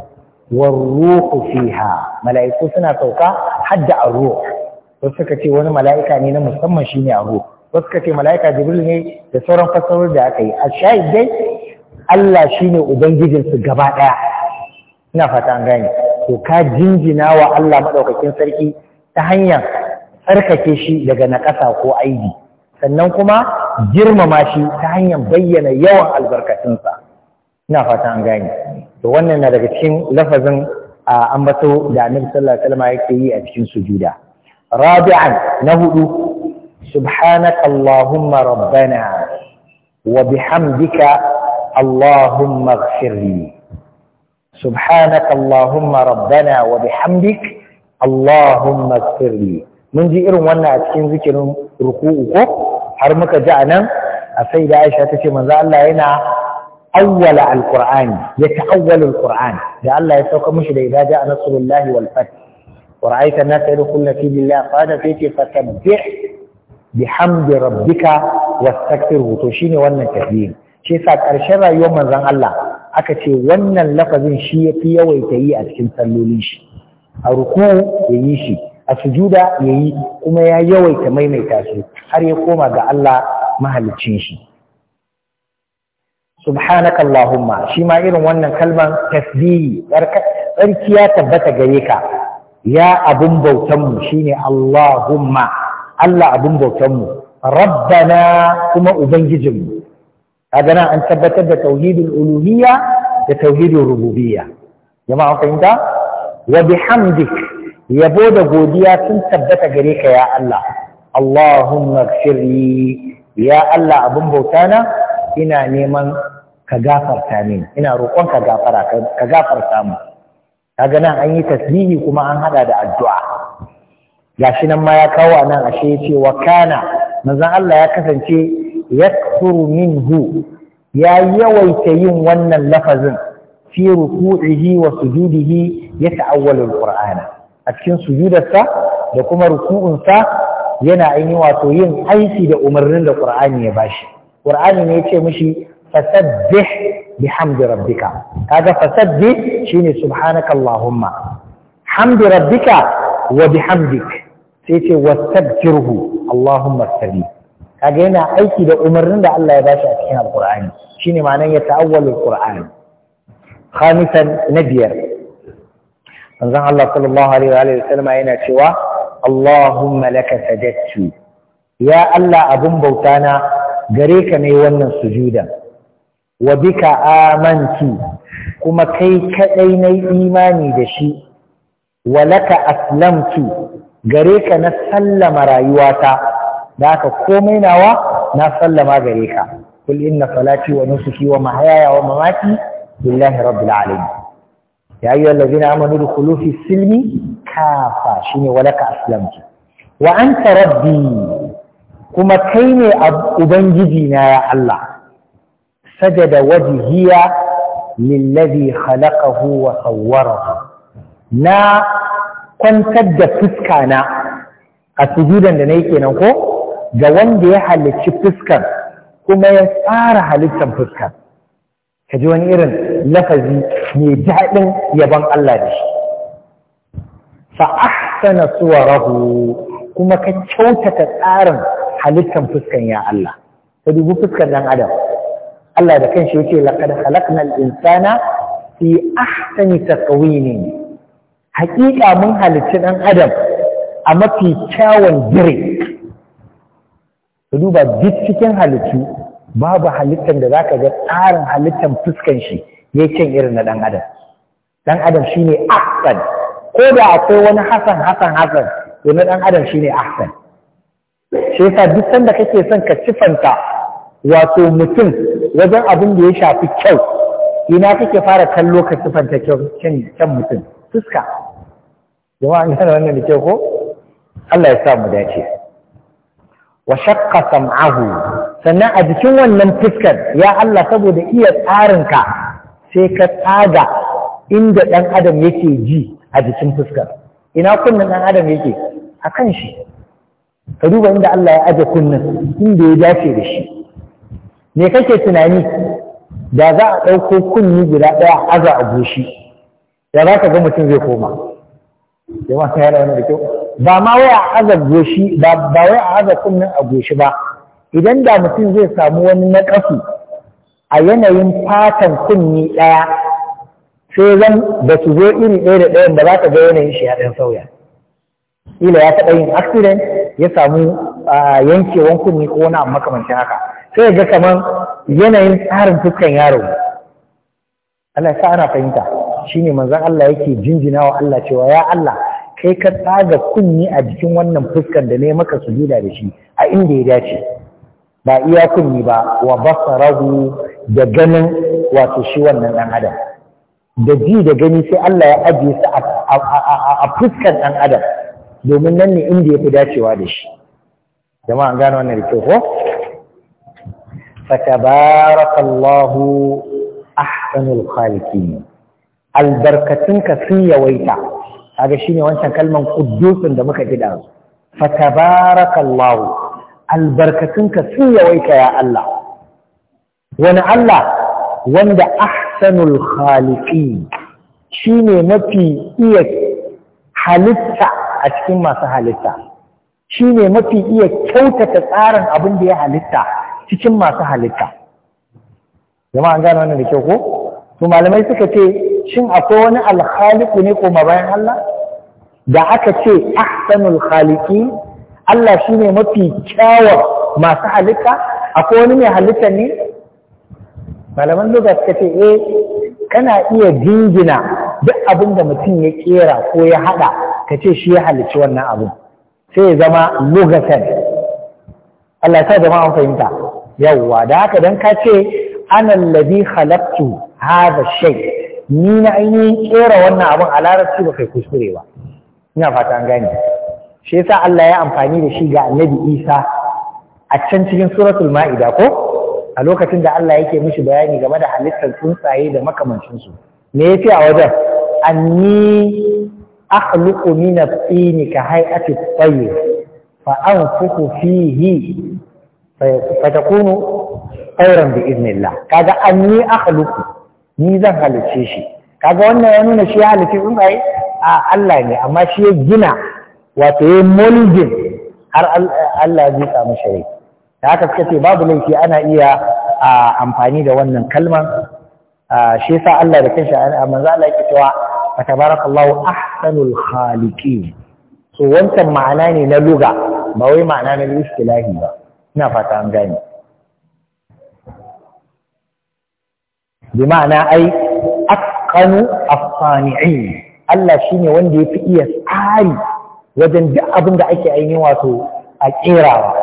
war ruhu fiha mala'iku suna sauka hadda ar-ruh wasu suka ce wani mala'ika ne na musamman shine ar-ruh wasu suka ce mala'ika jibril ne da sauran fassarar da aka yi a shahid dai Allah shine ubangijin su gaba daya ina fata an gane to ka jinjina wa Allah madaukakin sarki ta hanyar tsarkake shi daga nakasa ko aibi sannan kuma girmama shi ta hanyar bayyana yawan albarkatunsa ina fata an gane to wannan na daga cikin lafazin ambato da annabi sallallahu alaihi wasallam yake yi a cikin sujuda rabi'an na hudu subhanaka allahumma rabbana wa bihamdika allahumma ighfirli subhanaka allahumma rabbana wa bihamdik allahumma ighfirli mun ji irin wannan a cikin zikirin ruku'u ko har muka ji anan a sai da Aisha ta ce manzo Allah yana awwala alqur'ani ya ta'awwalu alqur'ani da Allah ya sauka mishi da idaja a nasrullahi wal fath wa ra'aita an-nas yadkhuluna fi billahi qada fi ce fasabbih bihamdi rabbika wastaghfirhu to shine wannan tafiyin shi yasa karshen rayuwar manzon Allah aka ce wannan lafazin shi yafi yawaita yi a cikin sallolin shi a ruku ya yi shi a sujuda yi kuma ya yawaita maimaita su har ya koma ga Allah mahaliccin shi subhanaka allahumma shi ma irin wannan kalman tasbihi tsarki ya tabbata gare ka ya abun bautan mu shine allahumma Allah abun bautanmu. mu rabbana kuma ubangijinmu. mu kaga nan an tabbatar da tauhidul uluhiyya da tauhidul rububiyya jama'a fahimta wa bihamdik yabo da godiya sun tabbata gare ka ya Allah Allahumma gfirli ya Allah abin bauta na ina neman ka gafarta min ina roƙon ka gafara ka gafarta mu kaga nan an yi tasbihi kuma an hada da addu'a gashi nan ma ya kawo nan ashe yace wa kana manzon Allah ya kasance yakthuru minhu ya yawaita yin wannan lafazin fi ruku'ihi wa sujudihi yata'awwalu al a cikin sujudarsa da kuma ruku'unsa yana aini wato yin aiki da umarnin da Qur'ani ya bashi Qur'ani ne ya ce mishi fasabbih bihamdi rabbika kaga fasabbih shine subhanaka allahumma hamdi rabbika wa bihamdik sai ce wastaghfirhu allahumma astaghfir kaga yana aiki da umarnin da Allah ya bashi a cikin alqur'ani shine ma'anar ya ta'awwalul qur'ani khamisan na biyar manzon Allah sallallahu alaihi wa sallama yana cewa Allahumma laka sadatu. ya Allah abun bauta na gare ka ne wannan sujuda wa bika amantu kuma kai kaɗai na imani da shi wa laka aslamtu gare ka na sallama rayuwata da haka komai nawa na sallama gare ka kul inna salati wa nusuki wa mahayaya wa mamaki lillahi rabbil alamin ya yi wallazi na amanu da kulufi silmi kafa shi ne walaka aslamtu wa an rabbi kuma kai ne ubangiji na ya Allah sajada wajihiya lillazi halakahu wa sawwarahu na kwantar da fuska na a sujudan da nayi kenan ko ga wanda ya halicci fuskar kuma ya tsara halittar fuskar ka ji wani irin lafazi mai daɗin yabon Allah da shi fa ahsana suwarahu kuma ka kyautata tsarin halittar fuskan ya Allah ka dubi fuskan dan adam Allah da kanshi yake laqad khalaqnal insana fi ahsani taqwim haƙiƙa mun halicci dan adam a mafi kyawun dire ka duba duk cikin halittu babu halittar da za ka ga tsarin halittar fuskan shi ya can irin na ɗan adam Ɗan adam shine aksan ko da akwai wani hasan hasan hasan to na ɗan adam shine aksan shi yasa duk sanda kake son ka cifanta wato mutum wajen abin da ya shafi kyau ina kake fara kallo ka cifanta kyan mutum fuska jama'a an gane wannan da kyau ko Allah ya sa mu dace wa shaqqa sam'ahu sannan a jikin wannan fuskar ya Allah saboda iya tsarinka sai ka tsaga inda ɗan adam yake ji a jikin fuskar ina kunnen ɗan adam yake a kan shi ka duba inda Allah ya aje kunnen inda ya dace da shi me kake tunani da za a ɗauko kunni guda ɗaya aza a goshi da za ka ga mutum zai koma jama'a ta yada wani da kyau ba ma wai a aza goshi ba wai a aza kunnen a goshi ba idan da mutum zai samu wani naƙasu a yanayin fatan kunni ɗaya sai zan da su zo iri ɗaya da ɗayan ba za ka ga yanayin shi ya ɗan sauya ila ya taɓa yin accident ya samu yankewan kunni ko wani abu makamancin haka sai ga kamar yanayin tsarin fuskan yaro Allah ya sa ana fahimta shine manzon Allah yake jinjina wa Allah cewa ya Allah kai ka tsaga kunni a jikin wannan fuskan da ne maka sujuda da shi a inda ya dace ba iya kunni ba wa basarahu da ganin wato shi wannan ɗan adam da ji da gani sai Allah ya ajiye su a fuskar ɗan adam domin nan ne inda ya fi dacewa da shi jama'a gane wannan da ko fatabarakallahu ahsanul khaliqin ka sun yawaita kaga shine wancan kalman quddusin da muka ji da fataba albarkatunka sun yawaita ya Allah wani Allah wanda ahsanul khaliqi shine mafi iya halitta a cikin masu halitta shine mafi iya kyautata tsarin abin da ya halitta cikin masu halitta jama'a an gane wannan da kyau ko to malamai suka ce shin akwai wani alkhaliqu ne ko bayan Allah da aka ce ahsanul khaliqi Allah shi ne mafi kyawar masu halitta akwai wani mai halitta ne malaman luga suka ce eh kana iya dingina duk abin da mutum ya kera ko ya haɗa ka ce shi ya halicci wannan abin sai ya zama lugatan Allah ya sa jama'a fahimta yawwa da haka dan ka ce ana alladhi khalaqtu hadha shai. ni na ainihin kera wannan abin a larabci ba kai kuskure ba ina fata an gane shi yasa Allah ya amfani da shi ga annabi Isa a can cikin suratul ma'ida ko a lokacin da Allah yake mishi bayani game da halittar tsuntsaye da makamancinsu me yace a wajen anni akhluqu min at-tini ka hay'ati at-tayr fa anfukhu fihi fa takunu tayran bi idnillah kaga anni akhluqu ni zan halice shi kaga wannan ya nuna shi ya halice tsuntsaye a Allah ne amma shi ya gina wato ya mulgin har Allah zai samu shari da haka suka ce babu laifi ana iya amfani da wannan kalman shi Allah da kanshi a manzo Allah yake cewa fatabarakallahu ahsanul khaliqin so wancan ma'ana ne na luga ba wai ma'ana na istilahi ba ina fata an gane bi ma'ana ai atqanu as-sani'in Allah shine wanda ya fi iya tsari wajen duk abin da ake aini wato a kerawa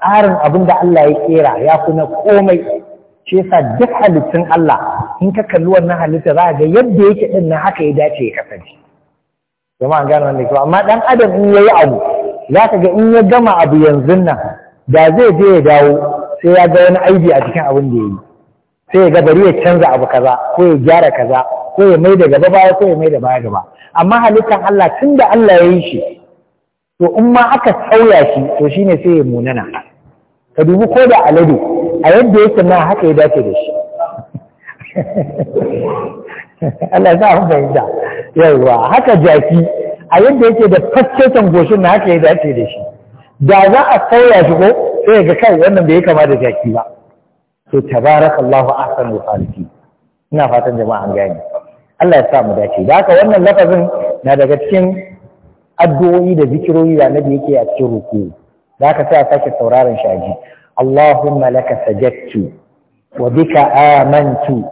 tsarin abin da Allah ya kera ya fi na komai shi yasa duk halittun Allah in ka kalli wannan halitta za ga yadda yake din na haka ya dace ya kasance jama'a gano wannan to amma dan adam in ya yi abu za ka ga in ya gama abu yanzu nan da zai je ya dawo sai ya ga wani aibi a cikin abin da ya yi sai ya ga bari ya canza abu kaza ko ya gyara kaza ko ya mai da gaba baya ko ya mai da baya gaba amma halittar Allah tun da Allah ya yi shi to in ma aka sauya shi to shine sai ya munana ka dubi ko da alade a yadda yake na haka ya dace da shi Allah ya sa mu fahimta yawa haka jaki a yadda yake da fasketan goshin na haka ya dace da shi da za a sauya shi ko sai ga kai wannan bai kama da jaki ba to tabarakallahu ahsanul khaliqin ina fatan jama'a an Allah ya sa mu dace da haka wannan lafazin na daga cikin addu'o'i da zikiroyi da annabi yake a cikin ruku da haka sai a sake sauraron shi aji Allahumma laka sajadtu wa bika amantu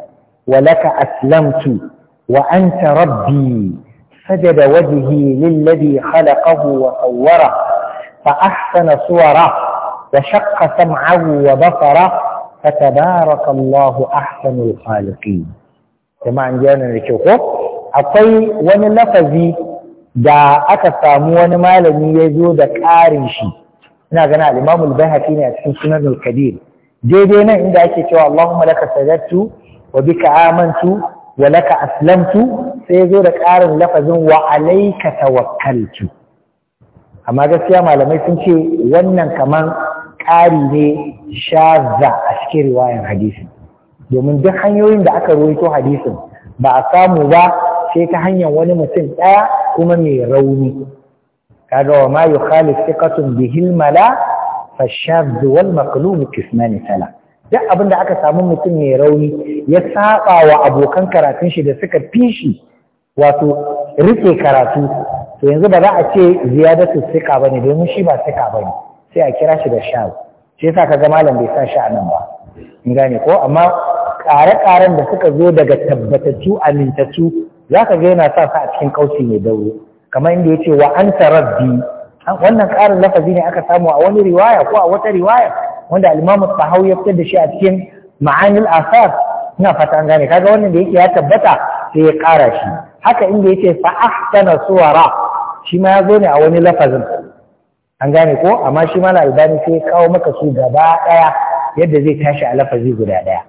wa laka aslamtu wa anta rabbi سجد وجهي للذي خلقه وصوره فأحسن صوره وشق سمعه وبصره فتبارك الله أحسن الخالقين kuma an jana da kyau ko akwai wani lafazi da aka samu wani malami ya zo da ƙarin shi ina gana al-Imam al ne a cikin Sunan al kadir daidai nan inda ake cewa Allahumma laka sajadtu wa bika amantu wa laka aslamtu sai ya zo da ƙarin lafazin wa alayka tawakkaltu amma gaskiya malamai sun ce wannan kaman ƙari ne shaza a cikin riwayan hadisi domin duk hanyoyin da aka ruwaito hadisin ba a samu ba sai ta hanyar wani mutum ɗaya kuma mai rauni kaga wa ma yukhalif thiqatun bihil mala fa shadh wal maqlub qismani sala duk abin da aka samu mutum mai rauni ya saba wa abokan karatun shi da suka fishi wato rike karatu to yanzu ba za a ce ziyadatu sika bane domin shi ba sika bane sai a kira shi da sha sai yasa kaga malam bai sa sha nan ba in gane ko amma ƙare-ƙaren da suka zo daga tabbatattu amintattu za ka ga yana sa sa a cikin kausi mai dauro kamar inda ya ce wa an rabbi wannan ƙarin lafazi ne aka samu a wani riwaya ko a wata riwaya wanda alimamu sahau ya fitar da shi a cikin ma'anil asar? ina fata an gane kaga wannan da yake ya tabbata sai ya ƙara shi haka inda ya ce fa ahsana suwara shi ma ya zo ne a wani lafazin an gane ko amma shi ma na albani sai ya kawo maka su gaba ɗaya yadda zai tashi a lafazi guda ɗaya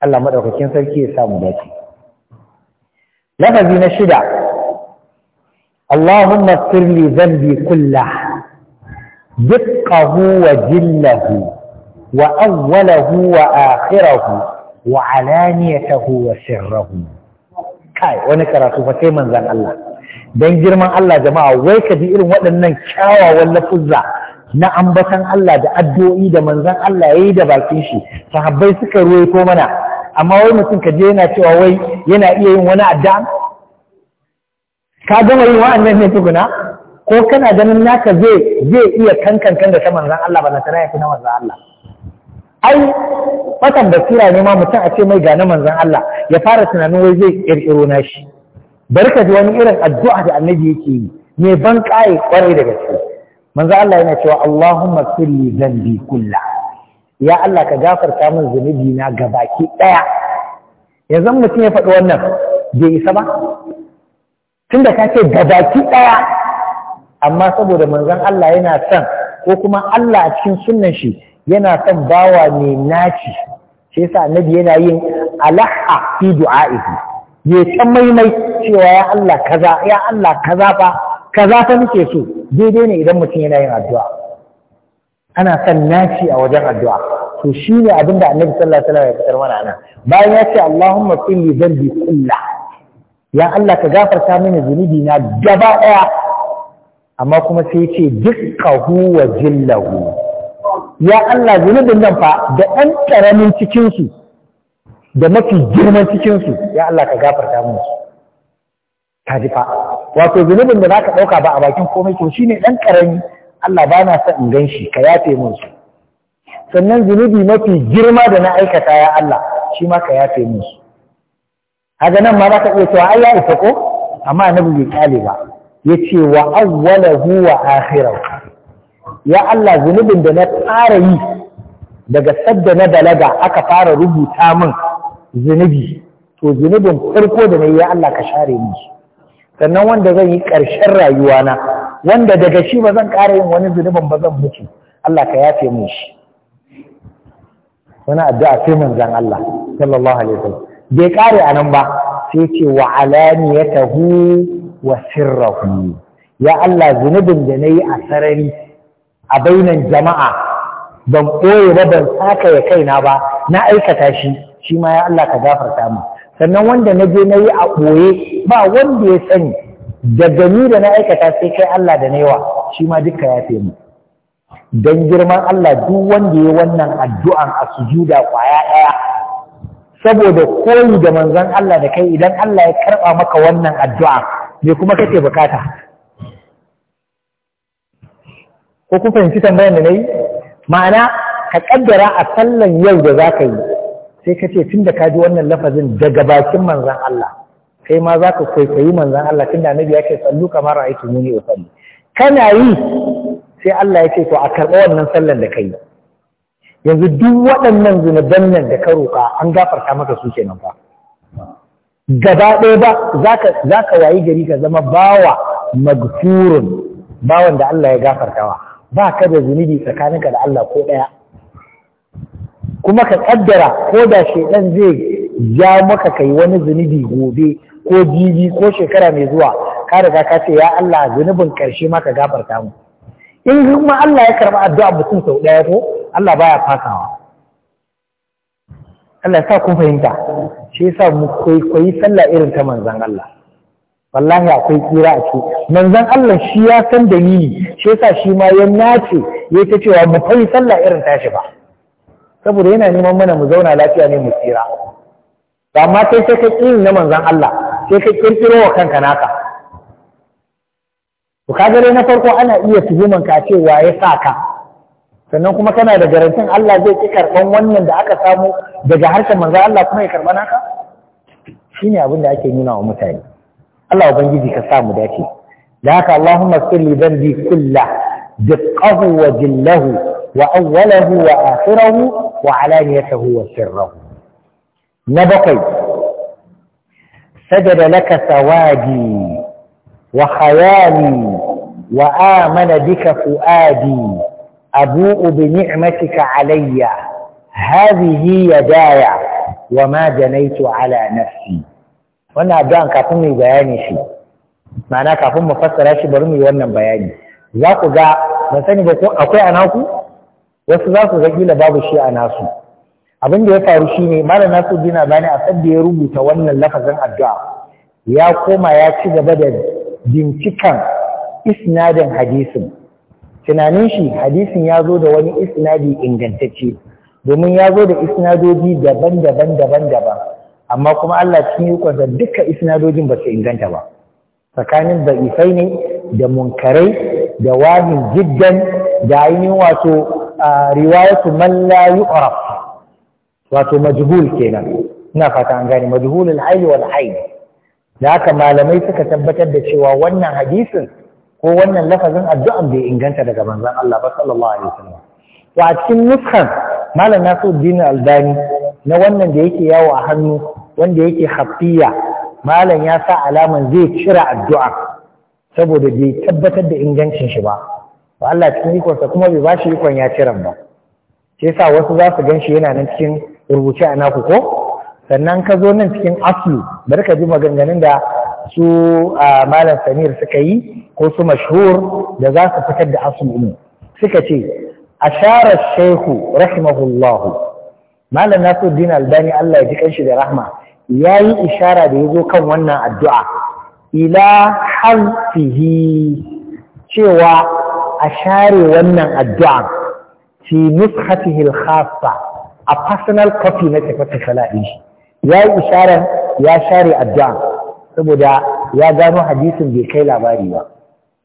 Allah madaukakin sarki ya samu dace lafazi na shida Allahumma ighfir li dhanbi kullah wa وجله وأوله وآخره وعلانيته وسره kai wani karatu fa sai manzan Allah dan girman Allah jama'a wai ka ji irin waɗannan kyawawan lafuzza na ambatan Allah da addu'o'i da manzan Allah yayi da bakin shi sahabbai suka ruwaito mana amma wai mutum ka je yana cewa wai yana iya yin wani adda ka gama yin wa'annan ne tukuna ko kana ganin naka zai zai iya kankan da ta manzan Allah ba na tana yafi na manzan Allah ai fatan basira ne ma mutum a ce mai ga na manzan Allah ya fara tunanin wai zai kirkiro na shi barka ji wani irin addu'a da annabi yake yi mai ban kai kwarai da gaske manzan Allah yana cewa Allahumma zan bi kullahu ya Allah ka gafarta min zunubi na gabaki daya yanzu mutum ya faɗi wannan bai isa ba tunda ka ce gabaki daya amma saboda manzon Allah yana son ko kuma Allah a cikin sunnan shi yana son bawa mai naci shi yasa annabi yana yin alaha fi du'a'ihi ya ta maimai cewa ya Allah kaza ya Allah kaza fa kaza fa nake so daidai ne idan mutum yana yin addu'a ana son nashi a wajen addu'a to shi ne abin da annabi sallallahu alaihi wasallam ya fitar mana nan bayan ya ce Allahumma qilli dhanbi kulla ya Allah ka gafarta mini zunubi na gaba daya amma kuma sai ya ce dukkahu wa jillahu ya Allah zunubin nan fa da ɗan ƙaramin cikinsu da mafi girman cikinsu ya Allah ka gafarta mini su ka ji fa wato zunubin da zaka ɗauka ba a bakin komai to shine ɗan karami Allah ba na son in gan shi ka yafe min su sannan zunubi mafi girma da na aikata ya Allah shi ma ka yafe min su haka nan ma za ka iya cewa isa ko amma annabi bai kyale ba ya ce wa awwalahu wa akhirahu ya Allah zunubin da na fara yi daga sadda na balaga aka fara rubuta min zunubi to zunubin farko da na yi ya Allah ka share min sannan wanda zan yi ƙarshen rayuwana wanda daga shi ba zan ƙara yin wani zunubin ba zan mutu Allah ka yafe mun shi wani addu'a sai zan Allah sallallahu alaihi wasallam bai ƙare a nan ba sai ce wa alaniyatahu wa sirrahu ya Allah zunubin da nayi a sarari a bainan jama'a ban ɓoye ba ban saka ya kaina ba na aikata shi shi ma ya Allah ka gafarta mu sannan wanda na je na a ɓoye ba wanda ya sani daga ni da na aikata sai kai Allah da na yawa, shi ma duka ya fi mu dan girman Allah duk wanda ya wannan addu'an a sujuda kwaya ɗaya. saboda koyi da manzon Allah da kai idan Allah ya karɓa maka wannan addu'a me kuma kake bukata ko kuma fahimci tambayar da na yi? ma'ana ka ƙaddara a sallan yau da za ka yi sai ka ce tun da ka ji wannan lafazin daga bakin manzan Allah kai ma za ka kwaikwayi manzan Allah tun da nabi ya ke sallu kamar aiki muni usalli kana yi sai Allah ya ce to a karɓa wannan sallan da kai yanzu duk waɗannan zunuban nan da ka roƙa an gafarta maka su kenan fa gaba ɗaya ba za ka wayi gari ka zama bawa magfurun bawan da Allah ya gafartawa ba ka da zunubi tsakaninka da Allah ko ɗaya kuma ka ƙaddara ko da shi ɗan zai Ya maka kai wani zunubi gobe ko jibi ko shekara mai zuwa ka riga ka ce ya Allah zunubin karshe ma ka gafarta mu in kuma Allah ya karba addu'a mutum sau ɗaya ko Allah baya fasawa Allah sa kun fahimta shi yasa mu kwaikwayi sallah irin ta manzon Allah wallahi akwai kira a ce manzon Allah shi ya san dalili shi yasa shi ma ya nace ya ta cewa mu fahimta sallah irin tashi ba saboda yana neman mana mu zauna lafiya ne mu tsira to amma kai sai ka ƙi na manzon Allah sai ka kirkiro wa kanka naka to ka gare na farko ana iya tuhuman ka ce ya sa ka sannan kuma kana da garantin Allah zai ki karɓan wannan da aka samu daga harshen manzan Allah kuma ya karɓa naka shine abin da ake nuna wa mutane Allah ubangiji ka samu dace da haka Allahumma salli dhanbi kullahu دقه وجله وأوله وآخره وعلانيته sirrahu نبقي سجد لك سوادي وخيالي وآمن بك فؤادي أبوء بنعمتك علي هذه يدايا وما جنيت على نفسي وانا أبدأ أن كفمي بياني شيء معنى كفم مفسر أشي برمي وانا بياني ذاكو جاء مثلا يقول أكوي أناكو وصلاصو ذاكي لبابو شيء أناسو abin da ya faru shi shine malam dina Albani a sanda ya rubuta wannan lafazin addu'a ya koma ya ci gaba da bincikan isnadin hadisin tunanin shi hadisin ya zo da wani isnadi ingantacce domin ya zo da isnadoji daban-daban daban-daban amma kuma Allah cikin ikonsa duka isnadojin ba su inganta ba tsakanin isai ne da munkarai da wani jiddan da ainihin wato riwayatu man la yu'raf wato majhul kenan ina fata an gane majhulul hayy wal hayy da haka malamai suka tabbatar da cewa wannan hadisin ko wannan lafazin addu'an bai inganta daga manzon Allah ba sallallahu alaihi wasallam to a cikin nuskan malam Nasiruddin Albani na wannan da yake yawo a hannu wanda yake hafiya malam ya sa alaman zai cira addu'a saboda bai tabbatar da ingancin shi ba ba Allah cikin ikonsa kuma bai ba shi ikon ya ciran ba sai sa wasu za su gan shi yana nan cikin rubuce a naku ko sannan ka zo nan cikin aslu bari ka ji maganganun da su malam samir suka yi ko su mashhur da za su fitar da aslu ne suka ce ashara shehu rahimahullahu malam nasiruddin albani Allah ya ji kanshi da rahma yayi ishara da ya zo kan wannan addu'a ila harfihi cewa a share wannan addu'a fi nuskatihi al-khassa a personal copy na tafatin sala'i shi ya yi isharar ya share addu'a saboda ya gano hadisin bai kai labari ba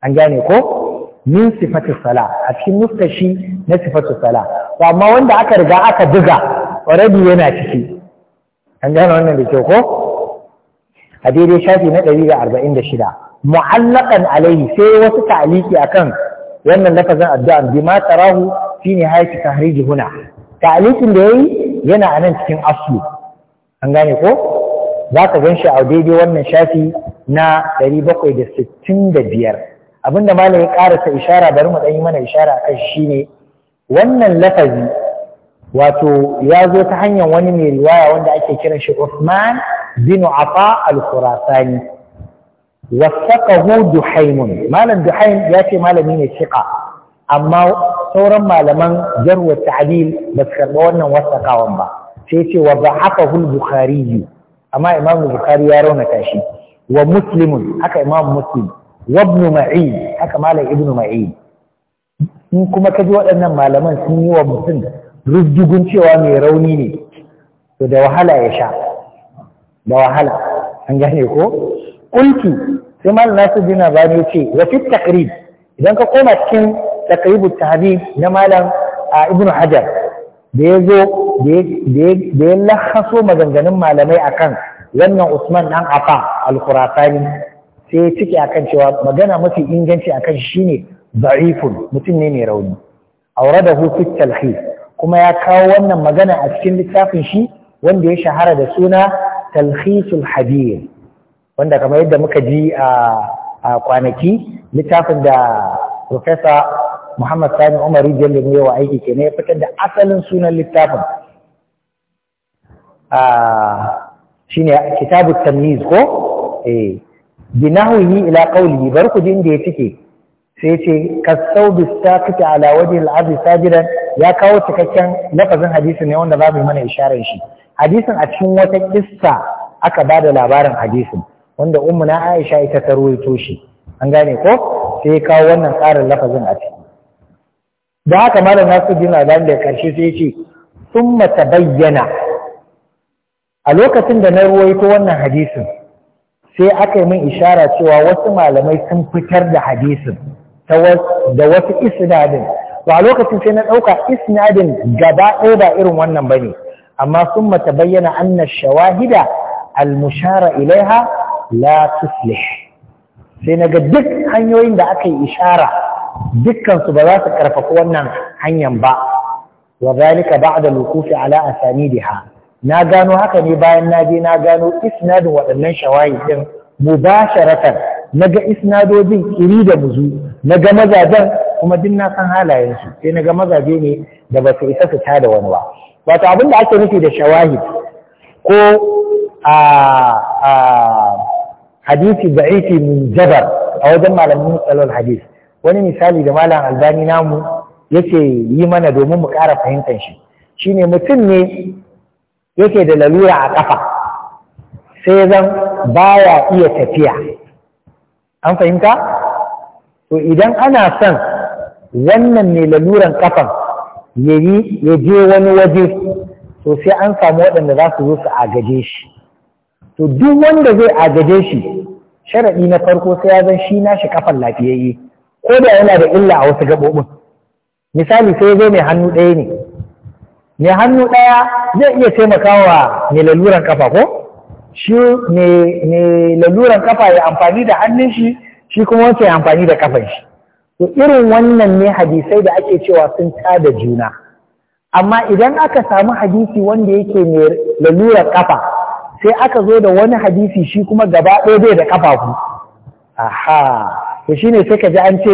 an gane ko min sifatu sala a cikin mustashi na sifatu sala amma wanda aka riga aka buga already yana ciki an gane wannan da kyau ko a daidai shafi na 146 mu'allaqan alaihi sai wasu ta'aliki akan wannan lafazin addu'an bima tarahu fi nihayati tahriji Jihuna. ta'alikin da yayi yana a nan cikin aslu an gane ko za ka gan shi a daidai wannan shafi na 765 abinda malam ya karasa ishara bari mu yi mana ishara kan shi ne wannan lafazi wato ya zo ta hanyar wani mai riwaya wanda ake kiran shi Usman bin Afa al-Khurasani wasaqahu Duhaymun malam Duhaym ya ce malami ne shiqa amma sauran malaman jarwar ta'adil ba su karɓa wannan wasakawan ba sai ce wa ba haka hul bukhari amma imam bukari ya raunata shi wa muslimun haka imam muslim wa ibn ma'in haka malam ibn ma'in in kuma kaji waɗannan malaman sun yi wa mutum rujjugun cewa mai rauni ne to da wahala ya sha da wahala an gane ko kulki sai malam nasu dina bani ya ce wa fi idan ka koma cikin taqribu tahdid na malam a ibnu hajar da ya zo da ya lahaso maganganun malamai akan wannan usman dan afa al kurafani sai ya cike kan cewa magana mafi inganci a kan shi ne da'ifun mutum ne mai rauni da fi talhi kuma ya kawo wannan magana a cikin littafin shi wanda ya shahara da suna talhisul hadiyar wanda kamar yadda muka ji a kwanaki littafin da Profesa Muhammad Sani Umar Jalli ne wa aiki ke ya fitar da asalin sunan littafin ah, shi ne kitabu tamiz ko eh, binahuhi ila qawli bar ku da ya cike. sai ce kasau kuke ala wajhi al-ardi ya kawo cikakken lafazin hadisin ne wanda babu mana isharar shi hadisin a cikin wata kissa aka bada labarin hadisin wanda ummu na Aisha ita ta ruwaito shi an gane ko sai kawo wannan tsarin lafazin a ciki da haka malam Nasiruddin Albani da karshe sai ce summa bayyana. a lokacin da na ruwaito wannan hadisin sai aka yi min ishara cewa wasu malamai sun fitar da hadisin da wasu isnadin a lokacin sai na ɗauka isnadin gaba ɗaya ba irin wannan bane amma sun mata bayyana anna shawahida al-mushara ilaiha la tuslih sai naga duk hanyoyin da aka yi ishara dukkansu ba za su karfafa wannan hanyar ba wa zalika da lukufi ala ha. na gano haka ne bayan na je na gano isnadin waɗannan shawayi din mubasharatan na ga isnadojin kiri da muzu na ga mazajen kuma duk na san halayensu sai na ga mazaje ne da ba su isa su da wani ba wato abin da ake nufi da shawahid ko a hadisi da'ifi mun jabar a wajen malamin matsalar hadisi wani misali da malam albani namu yake yi mana domin mu ƙara fahimtar shi shine mutum ne yake da lalura a ƙafa sai zan baya iya tafiya an fahimta to idan ana son wannan ne laluran ƙafan ya je wani waje to sai an samu waɗanda za su zo su agaje shi to duk wanda zai agaje shi sharaɗi na farko sai ya zan shi nashi ƙafan lafiyayye ko da yana da illa a wasu gaɓoɓin misali sai zai mai hannu ɗaya ne mai hannu ɗaya zai iya taimakawa mai laluran kafa ko shi mai laluran kafa ya amfani da hannun shi shi kuma wancan ya amfani da kafan shi to irin wannan ne hadisai da ake cewa sun da juna amma idan aka samu hadisi wanda yake mai laluran kafa sai aka zo da wani hadisi shi kuma gaba ɗaya da da kafafu aha to shine sai ka ji an ce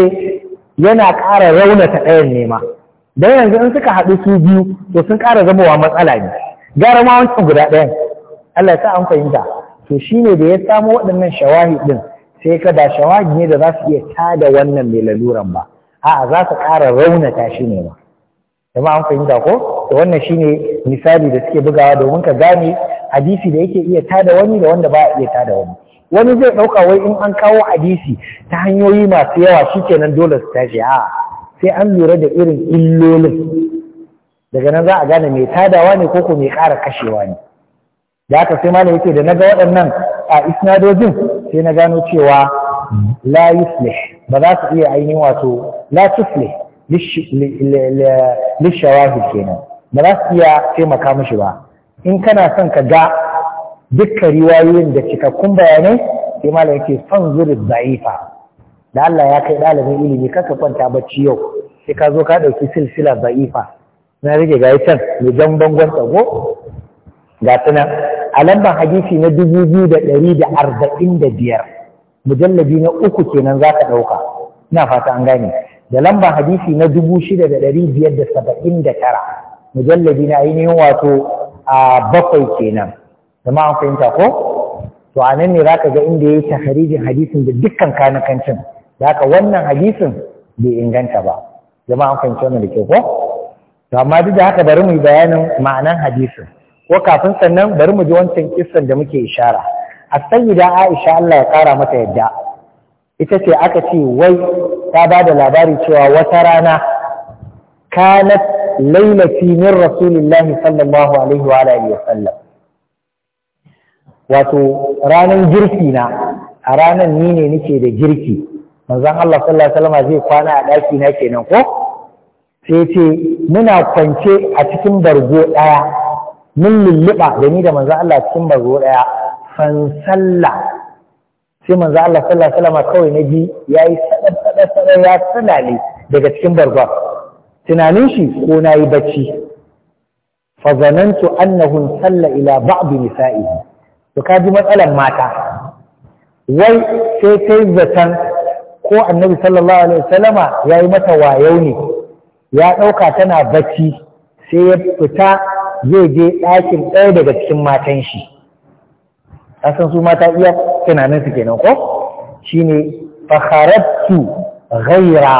yana ƙara raunata ɗayan nema dan yanzu in suka haɗu su biyu to sun ƙara zama wa matsala ne gara ma wancan guda ɗayan Allah ya sa an fahimta to shi ne da ya samo waɗannan shawahi ɗin sai ka ba shawahi ne da za su iya tada wannan mai laluran ba a'a za su ƙara raunata shi ne ma an fahimta ko to wannan shine misali da suke bugawa domin ka gane hadisi da yake iya tada wani da wanda ba iya tada wani wani zai ɗauka wai in an kawo hadisi ta hanyoyi masu yawa shi kenan dole su tashi a sai an lura da irin illolin daga nan za a gane mai tadawa ne koko mai ƙara kashewa ne da aka sai malam yake da naga waɗannan a isnadojin sai na gano cewa la yuslih ba za su iya ainihin wato la tuslih lishawahid kenan ba za su iya taimaka mishi ba in kana son ka ga dukkan riwayoyin da cikakkun bayanai sai malam yake son zuri za'ifa da Allah ya kai ɗalibin ilimi ka kwanta bacci yau sai ka zo ka ɗauki silsila za'ifa na rage ga can mai jan bangon tsago ga tunan a lambar hadisi na dubu biyu da ɗari da arba'in da biyar mujallabi na uku kenan za ka ɗauka ina fata an gane da lambar hadisi na dubu shida da ɗari biyar da saba'in da tara mujallabi na ainihin wato a bakwai kenan zama an fahimta ko to a nan ne za ka ga inda ya yi tahrijin hadisin da dukkan kanakancin da haka wannan hadisin bai inganta ba zama an fahimci wannan da ke ko to amma duk da haka bari mu yi bayanin ma'anan hadisin ko kafin sannan bari mu ji wancan kissan da muke ishara a sayyida aisha Allah ya kara mata yadda ita ce aka ce wai ta ba da labari cewa wata rana kanat lailati min rasulillahi sallallahu alaihi wa alihi wa sallam wato ranan girki na a ranan ni ne nake da girki manzon Allah sallallahu alaihi wasallam zai kwana a daki na kenan ko sai ce muna kwance a cikin bargo daya mun lulluba da ni da manzon Allah cikin bargo daya san salla sai manzon Allah sallallahu alaihi wasallam kawai na yayi sadar sadar sadar ya salale daga cikin bargo. tunanin shi ko nayi bacci fa zanantu annahu salla ila ba'd nisa'ihi to ka ji matsalar mata wai sai kai zaton ko annabi sallallahu alaihi wasallama ya yi mata wayau ne ya ɗauka tana bacci sai ya fita zai je ɗakin ɗaya daga cikin matan shi san su mata iya tunanin su kenan ko ne fakharatu ghaira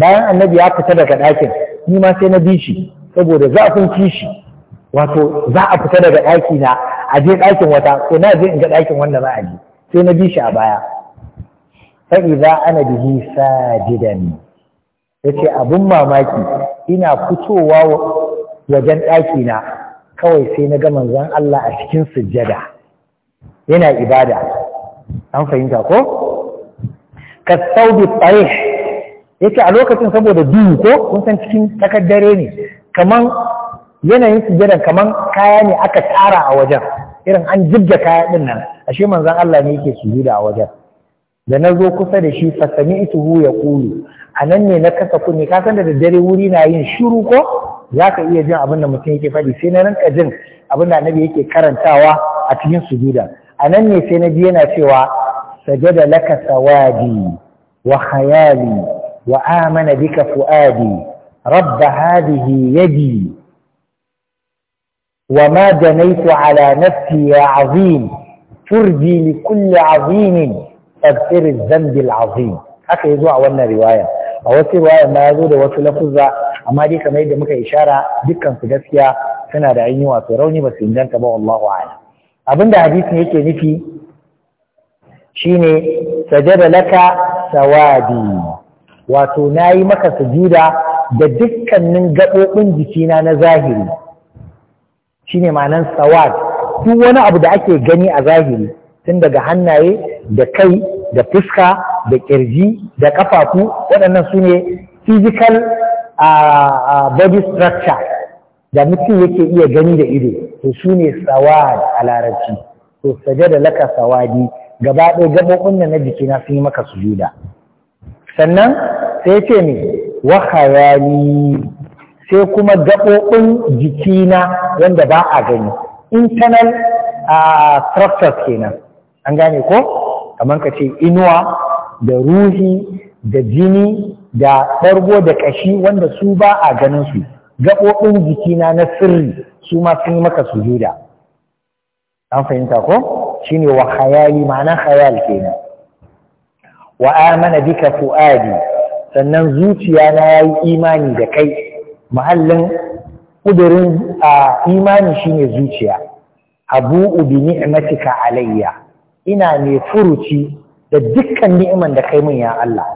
bayan annabi ya fita daga ɗakin ni ma sai na bi shi saboda zafin kishi wato za a fita daga ɗaki na a je ɗakin wata ko na je in ga ɗakin wanda ba a je sai na bi shi a baya fa idza ana bihi sajidan yace abun mamaki ina fitowa wajen ɗaki na kawai sai na ga manzon Allah a cikin sujjada yana ibada an fahimta ko saudi tsarih yace a lokacin saboda duhu ko kun san cikin takaddare ne kaman yanayin sujjada kaman kaya ne aka tara a wajen irin an jibga kaya din nan ashe manzon Allah ne yake sujuda a wajen da na zo kusa da shi fasami'tuhu a nan ne na kasa kunne ka san da daddare wuri na yin shiru ko zaka iya jin abin da mutum yake faɗi sai na ranka jin abin da annabi yake karantawa a cikin sujuda nan ne sai na ji yana cewa sajada laka sawadi wa khayali wa amana bika fuadi رب هذه yadi. وما جنيت على نفسي يا عظيم ترجي لكل عظيم تغفر الذنب العظيم haka ya a wannan riwaya a wasu riwaya ma ya zo da wasu lafuzza amma dai kamar yadda muka ishara dukkan su gaskiya suna da ainihin wato rauni ba su inganta ba wallahu a'lam abinda hadisin yake nufi shine sajada laka sawadi wato nayi maka sujuda da dukkanin gaɓoɓin jikina na zahiri shine ma'anan sawad duk wani abu da ake gani a zahiri tun daga hannaye da kai da fuska da kirji da kafafu waɗannan su ne physical body structure da mutum yake iya gani da ido to su ne sawad a larabci to da laka sawadi gaba ɗaya gaɓoɓin nan na na sun yi maka sujuda sannan sai ce ne wa khayali sai kuma gaɓoɓin jikina wanda ba a gani internal structures kenan an gane ko kamar ka ce inuwa da ruhi da jini da ɓargo da ƙashi wanda su ba a ganin su gaɓoɓin jikina na sirri su ma sun yi maka sujuda an fahimta ko shine wa hayali ma'ana hayal kenan wa amana bika fuadi sannan zuciya na ya yi imani da kai mahallin ƙudurin a imani shine zuciya abu ubi ni'matika alayya ina ne furuci da dukkan ni'iman da kai min ya Allah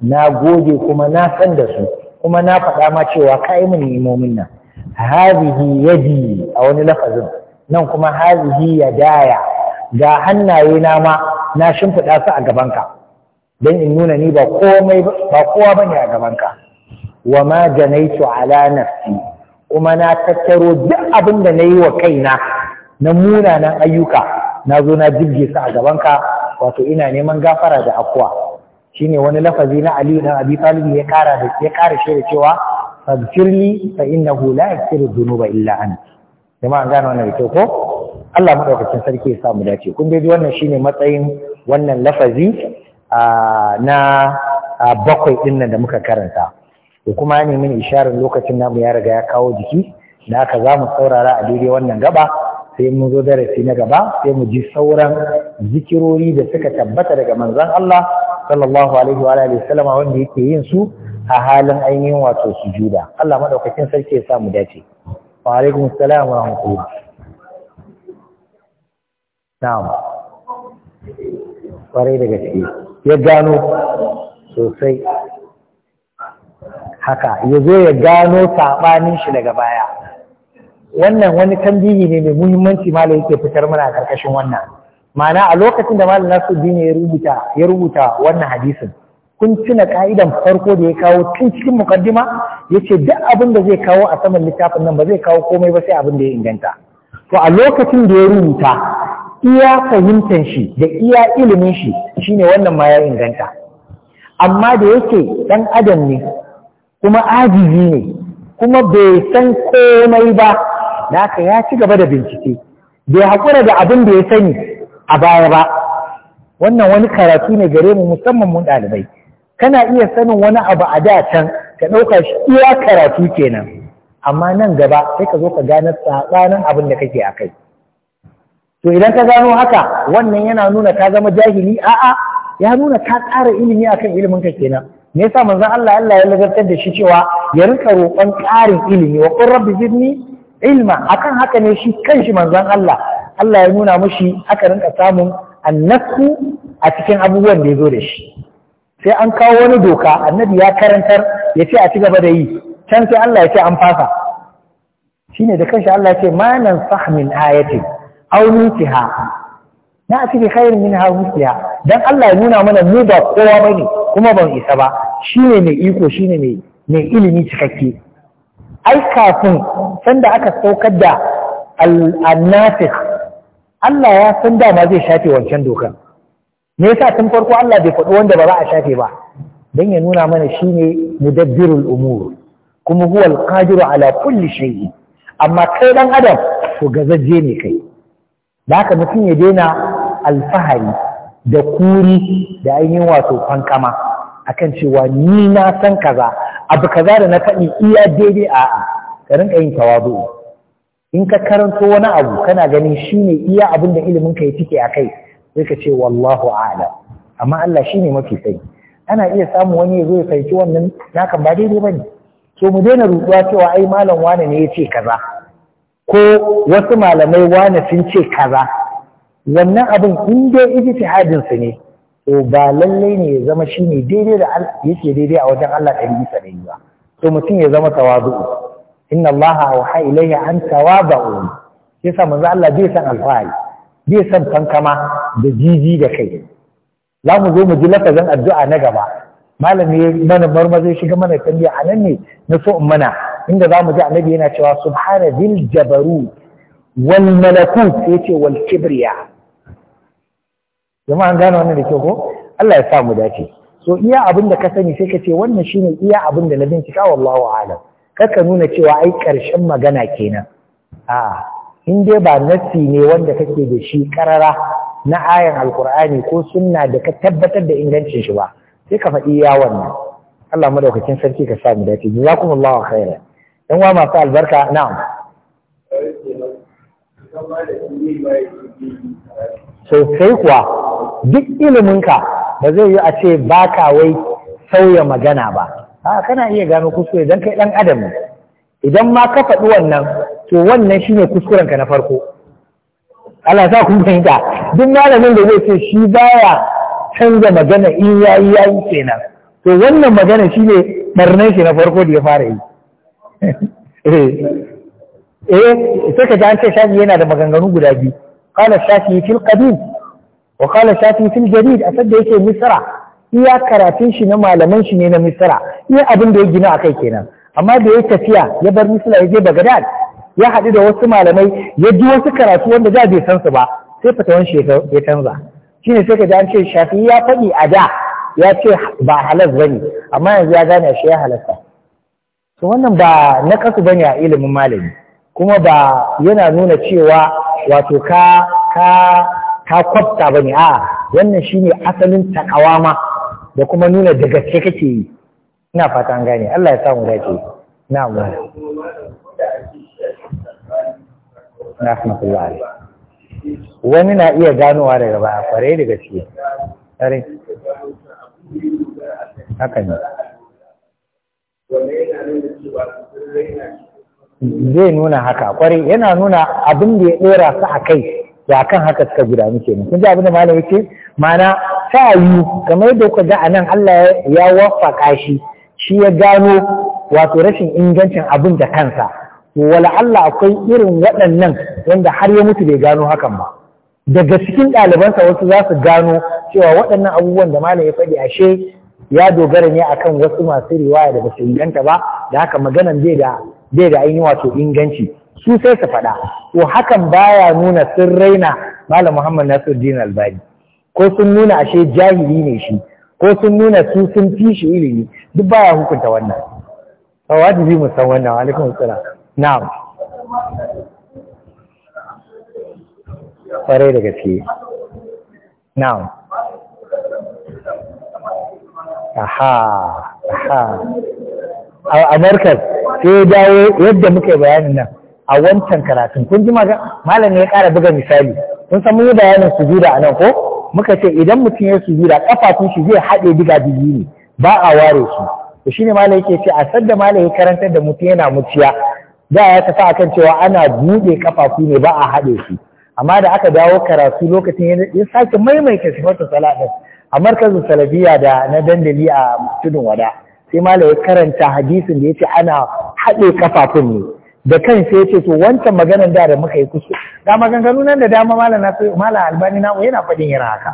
na goge kuma na san da su kuma na faɗa ma cewa kai min ni'imomin nan hazihi yadi a wani lafazin nan kuma hazihi yadaya ga hannaye na ma na shimfiɗa su a gabanka don in nuna ni ba komai ba kowa bane a gabanka wa ma janaitu ala nafsi kuma na tattaro duk abin da nayi wa kaina na munanan ayyuka na zo na jibge su a gabanka wato ina neman gafara da akwa shine wani lafazi na Ali dan Abi Talib ya kara da ya kara shi da cewa faghfirli fa innahu la yaghfiru dhunuba illa an jama'an gane wannan da ko Allah maɗaukacin sarki ya samu dace kun dai wannan shine matsayin wannan lafazi ah, na ah, bakwai dinnan da muka karanta Da kuma ne nemi isharar lokacin namu ya riga ya kawo jiki da haka za mu saurara a daidai wannan gaba sai mun zo darasi na gaba sai mu ji sauran zikirori da suka tabbata daga manzon Allah sallallahu alaihi wa alihi wasallama wanda yake yin su a halin ainihin wato sujuda Allah madaukakin sarki ya sa mu dace wa alaikum assalam wa rahmatullahi na'am kwarai da gaske ya gano sosai haka ya zo ya gano saɓanin shi daga baya wannan wani tambihi ne mai muhimmanci mala yake fitar mana a ƙarƙashin wannan ma'ana a lokacin da malam nasuddin ya rubuta ya rubuta wannan hadisin kun tuna ka'idan farko da ya kawo tun cikin mukaddima ce duk abin da zai kawo a saman littafin nan ba zai kawo komai ba sai abin da ya inganta to a lokacin da ya rubuta iya fahimtar shi da iya ilimin shi shine wannan ma ya inganta amma da yake dan adam ne kuma ajiji ne kuma bai san komai ba da aka ya ci gaba da bincike bai haƙura da abin da ya sani a baya ba wannan wani karatu ne gare mu musamman mun ɗalibai kana iya sanin wani abu a da can ka ɗauka shi iya karatu kenan amma nan gaba sai ka zo ka gane saɓanin abin da kake a kai to idan ka gano haka wannan yana nuna ka zama jahili a'a ya nuna ka ƙara ilimi akan ilimin ka kenan me yasa manzon Allah Allah ya lagartar da shi cewa ya rika roƙon ƙarin ilimi wa qur rabbi zidni ilma akan haka ne shi kanshi manzon Allah Allah ya nuna mushi aka rinka samun annasu a cikin abubuwan da ya zo da shi sai an kawo wani doka annabi ya karantar ya ce a ci gaba da yi can sai Allah ya ce an fasa shine da kanshi Allah ya ce ma nan sahmin ayatin aw nutiha na a cikin khairin min ha dan Allah ya nuna mana mu ba kowa bane kuma ban isa ba shi mai iko shine mai ilimi cikakke ai kafin sanda aka saukar da al'annatik Allah ya san dama zai shafe wancan dokan me yasa tun farko Allah bai faɗi wanda ba za a shafe ba dan ya nuna mana shine ne mudabbirul umur kuma huwa al-qadiru ala kulli shay'i amma kai dan adam to gazajje ne kai da haka mutum ya daina alfahari da kuri da ainihin wato fankama akan cewa ni na san kaza abu kaza da na faɗi iya daidai a ka rinka yin tawazu in ka karanto wani abu kana ganin shine iya abin da ilimin ka ya a akai sai ka ce wallahu a'ala amma Allah shine mafi sani ana iya samun wani ya zo ya fahimci wannan nakan ba daidai bane To mu daina rubuwa cewa ai malam wane ne ya ce kaza ko wasu malamai wane sun ce kaza wannan abin in dai ijtihadin su ne to ba lallai ne ya zama shi ne daidai da yake daidai a wajen Allah ɗari bisa ɗari ba to mutum ya zama tawazu'u inna Allah auha ilayya an tawazu'u yasa manzo Allah bai san alfahari bai san fankama da jiji da kai za mu zo mu ji lafazin addu'a na gaba malami mana marmazai shiga mana tambiya a nan ne na so in mana inda za mu ji annabi yana cewa subhana dil jabaru wal malakut yace wal kibriya jama'a an gane wannan da ke ko Allah ya sa dace so iya abin da ka sani sai ka ce wannan shine iya abin da na bincika wallahu alam ka nuna cewa ai karshen magana kenan a in dai ba nassi ne wanda kake da shi karara na ayan alkur'ani ko sunna da ka tabbatar da ingancin shi ba sai ka faɗi ya wannan Allah madaukakin sarki ka sa mu dace jazakumullahu khairan Dan wa masu albarka na'am sosai kuwa duk iliminka ba zai yi a ce ba ka wai sauya magana ba a kana iya gano kuskure don kai ɗan adam idan ma ka faɗi wannan to wannan shine kuskurenka na farko Allah sa kun fahimta duk malamin da zai ce shi baya canza magana in yayi yayi kenan to wannan magana shine ɓarnan shi na farko da ya fara yi eh, eh sai ka ji an ce shafi yana da maganganu guda biyu qala shafi fil qadim wa qala shafi fil jarid a sanda yake misra iya karatun shi na malaman shi ne na misra iya abin da ya gina a kai kenan amma da ya tafiya ya bar misra ya je bagdad ya haɗu da wasu malamai ya ji wasu karatu wanda da bai san su ba sai fatawan shi ya canza shine sai ka ji an ce shafi ya faɗi a da ya ce ba halas bane amma yanzu ya gane shi ya halasta to wannan ba na kasu ne a ilimin malami kuma ba yana nuna cewa wato ka ka ta kwabta ba ne a wannan ne asalin takawa ma da kuma nuna da gaske kake yi ina fata an gane Allah ya samu dace na mu rahmatullah alaihi wani na iya ganowa daga baya kware da gaske tare haka ne zai nuna haka kware yana nuna abin da ya dora su a kai ya kan haka suka muke kenan kun ji abin da malam yake mana ta yi kamar da kuka ga anan Allah ya waffaka shi shi ya gano wato rashin ingancin abin da kansa wala Allah akwai irin waɗannan wanda har ya mutu bai gano hakan ba daga cikin ɗalibansa wasu za su gano cewa waɗannan abubuwan da malam ya faɗi ashe ya dogara ne akan wasu masu riwaya da ba su inganta ba da haka maganan bai da ainihin wato inganci su sai su faɗa to hakan baya nuna sun raina malam Muhammad Nasiruddin Albani ko sun nuna ashe jahili ne shi ko sun nuna su sun fi shi ilimi duk baya hukunta wannan Sawa wajibi mu san wannan alaikum assalam na'am kwarai da gaske na'am aha aha a markaz sai dawo yadda muka yi bayanin nan a wancan karatun kun ji malam ne ya ƙara buga misali kun san mun yi bayanin sujuda a nan ko muka ce idan mutum ya sujuda kafafun shi zai haɗe diga biyu ne ba a ware su to shine malam yake ce a sadda malam ya karantar da mutum yana muciya da ya tafi akan cewa ana buɗe kafafu ne ba a haɗe su amma da aka dawo karatu lokacin ya sake maimaita sifatu salatin a markazin salabiya da na dandali a tudun wada sai malam ya karanta hadisin da ya ce ana haɗe kafafun ne da kan sai ce to wancan maganan da da muka yi kusu da maganganu nan da dama malam na malam albani na yana fadin yana haka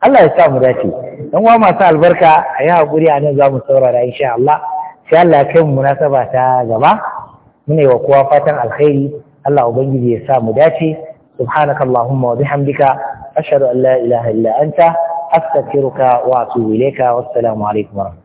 Allah ya sa mu dace dan wa masu albarka a yi hakuri a nan zamu saurara insha Allah sai Allah ya kai mu munasaba ta gaba Muna wa kowa fatan alkhairi Allah ubangiji ya sa mu dace subhanakallahumma wa bihamdika ashhadu an la ilaha illa anta astaghfiruka wa atubu ilayka wassalamu alaikum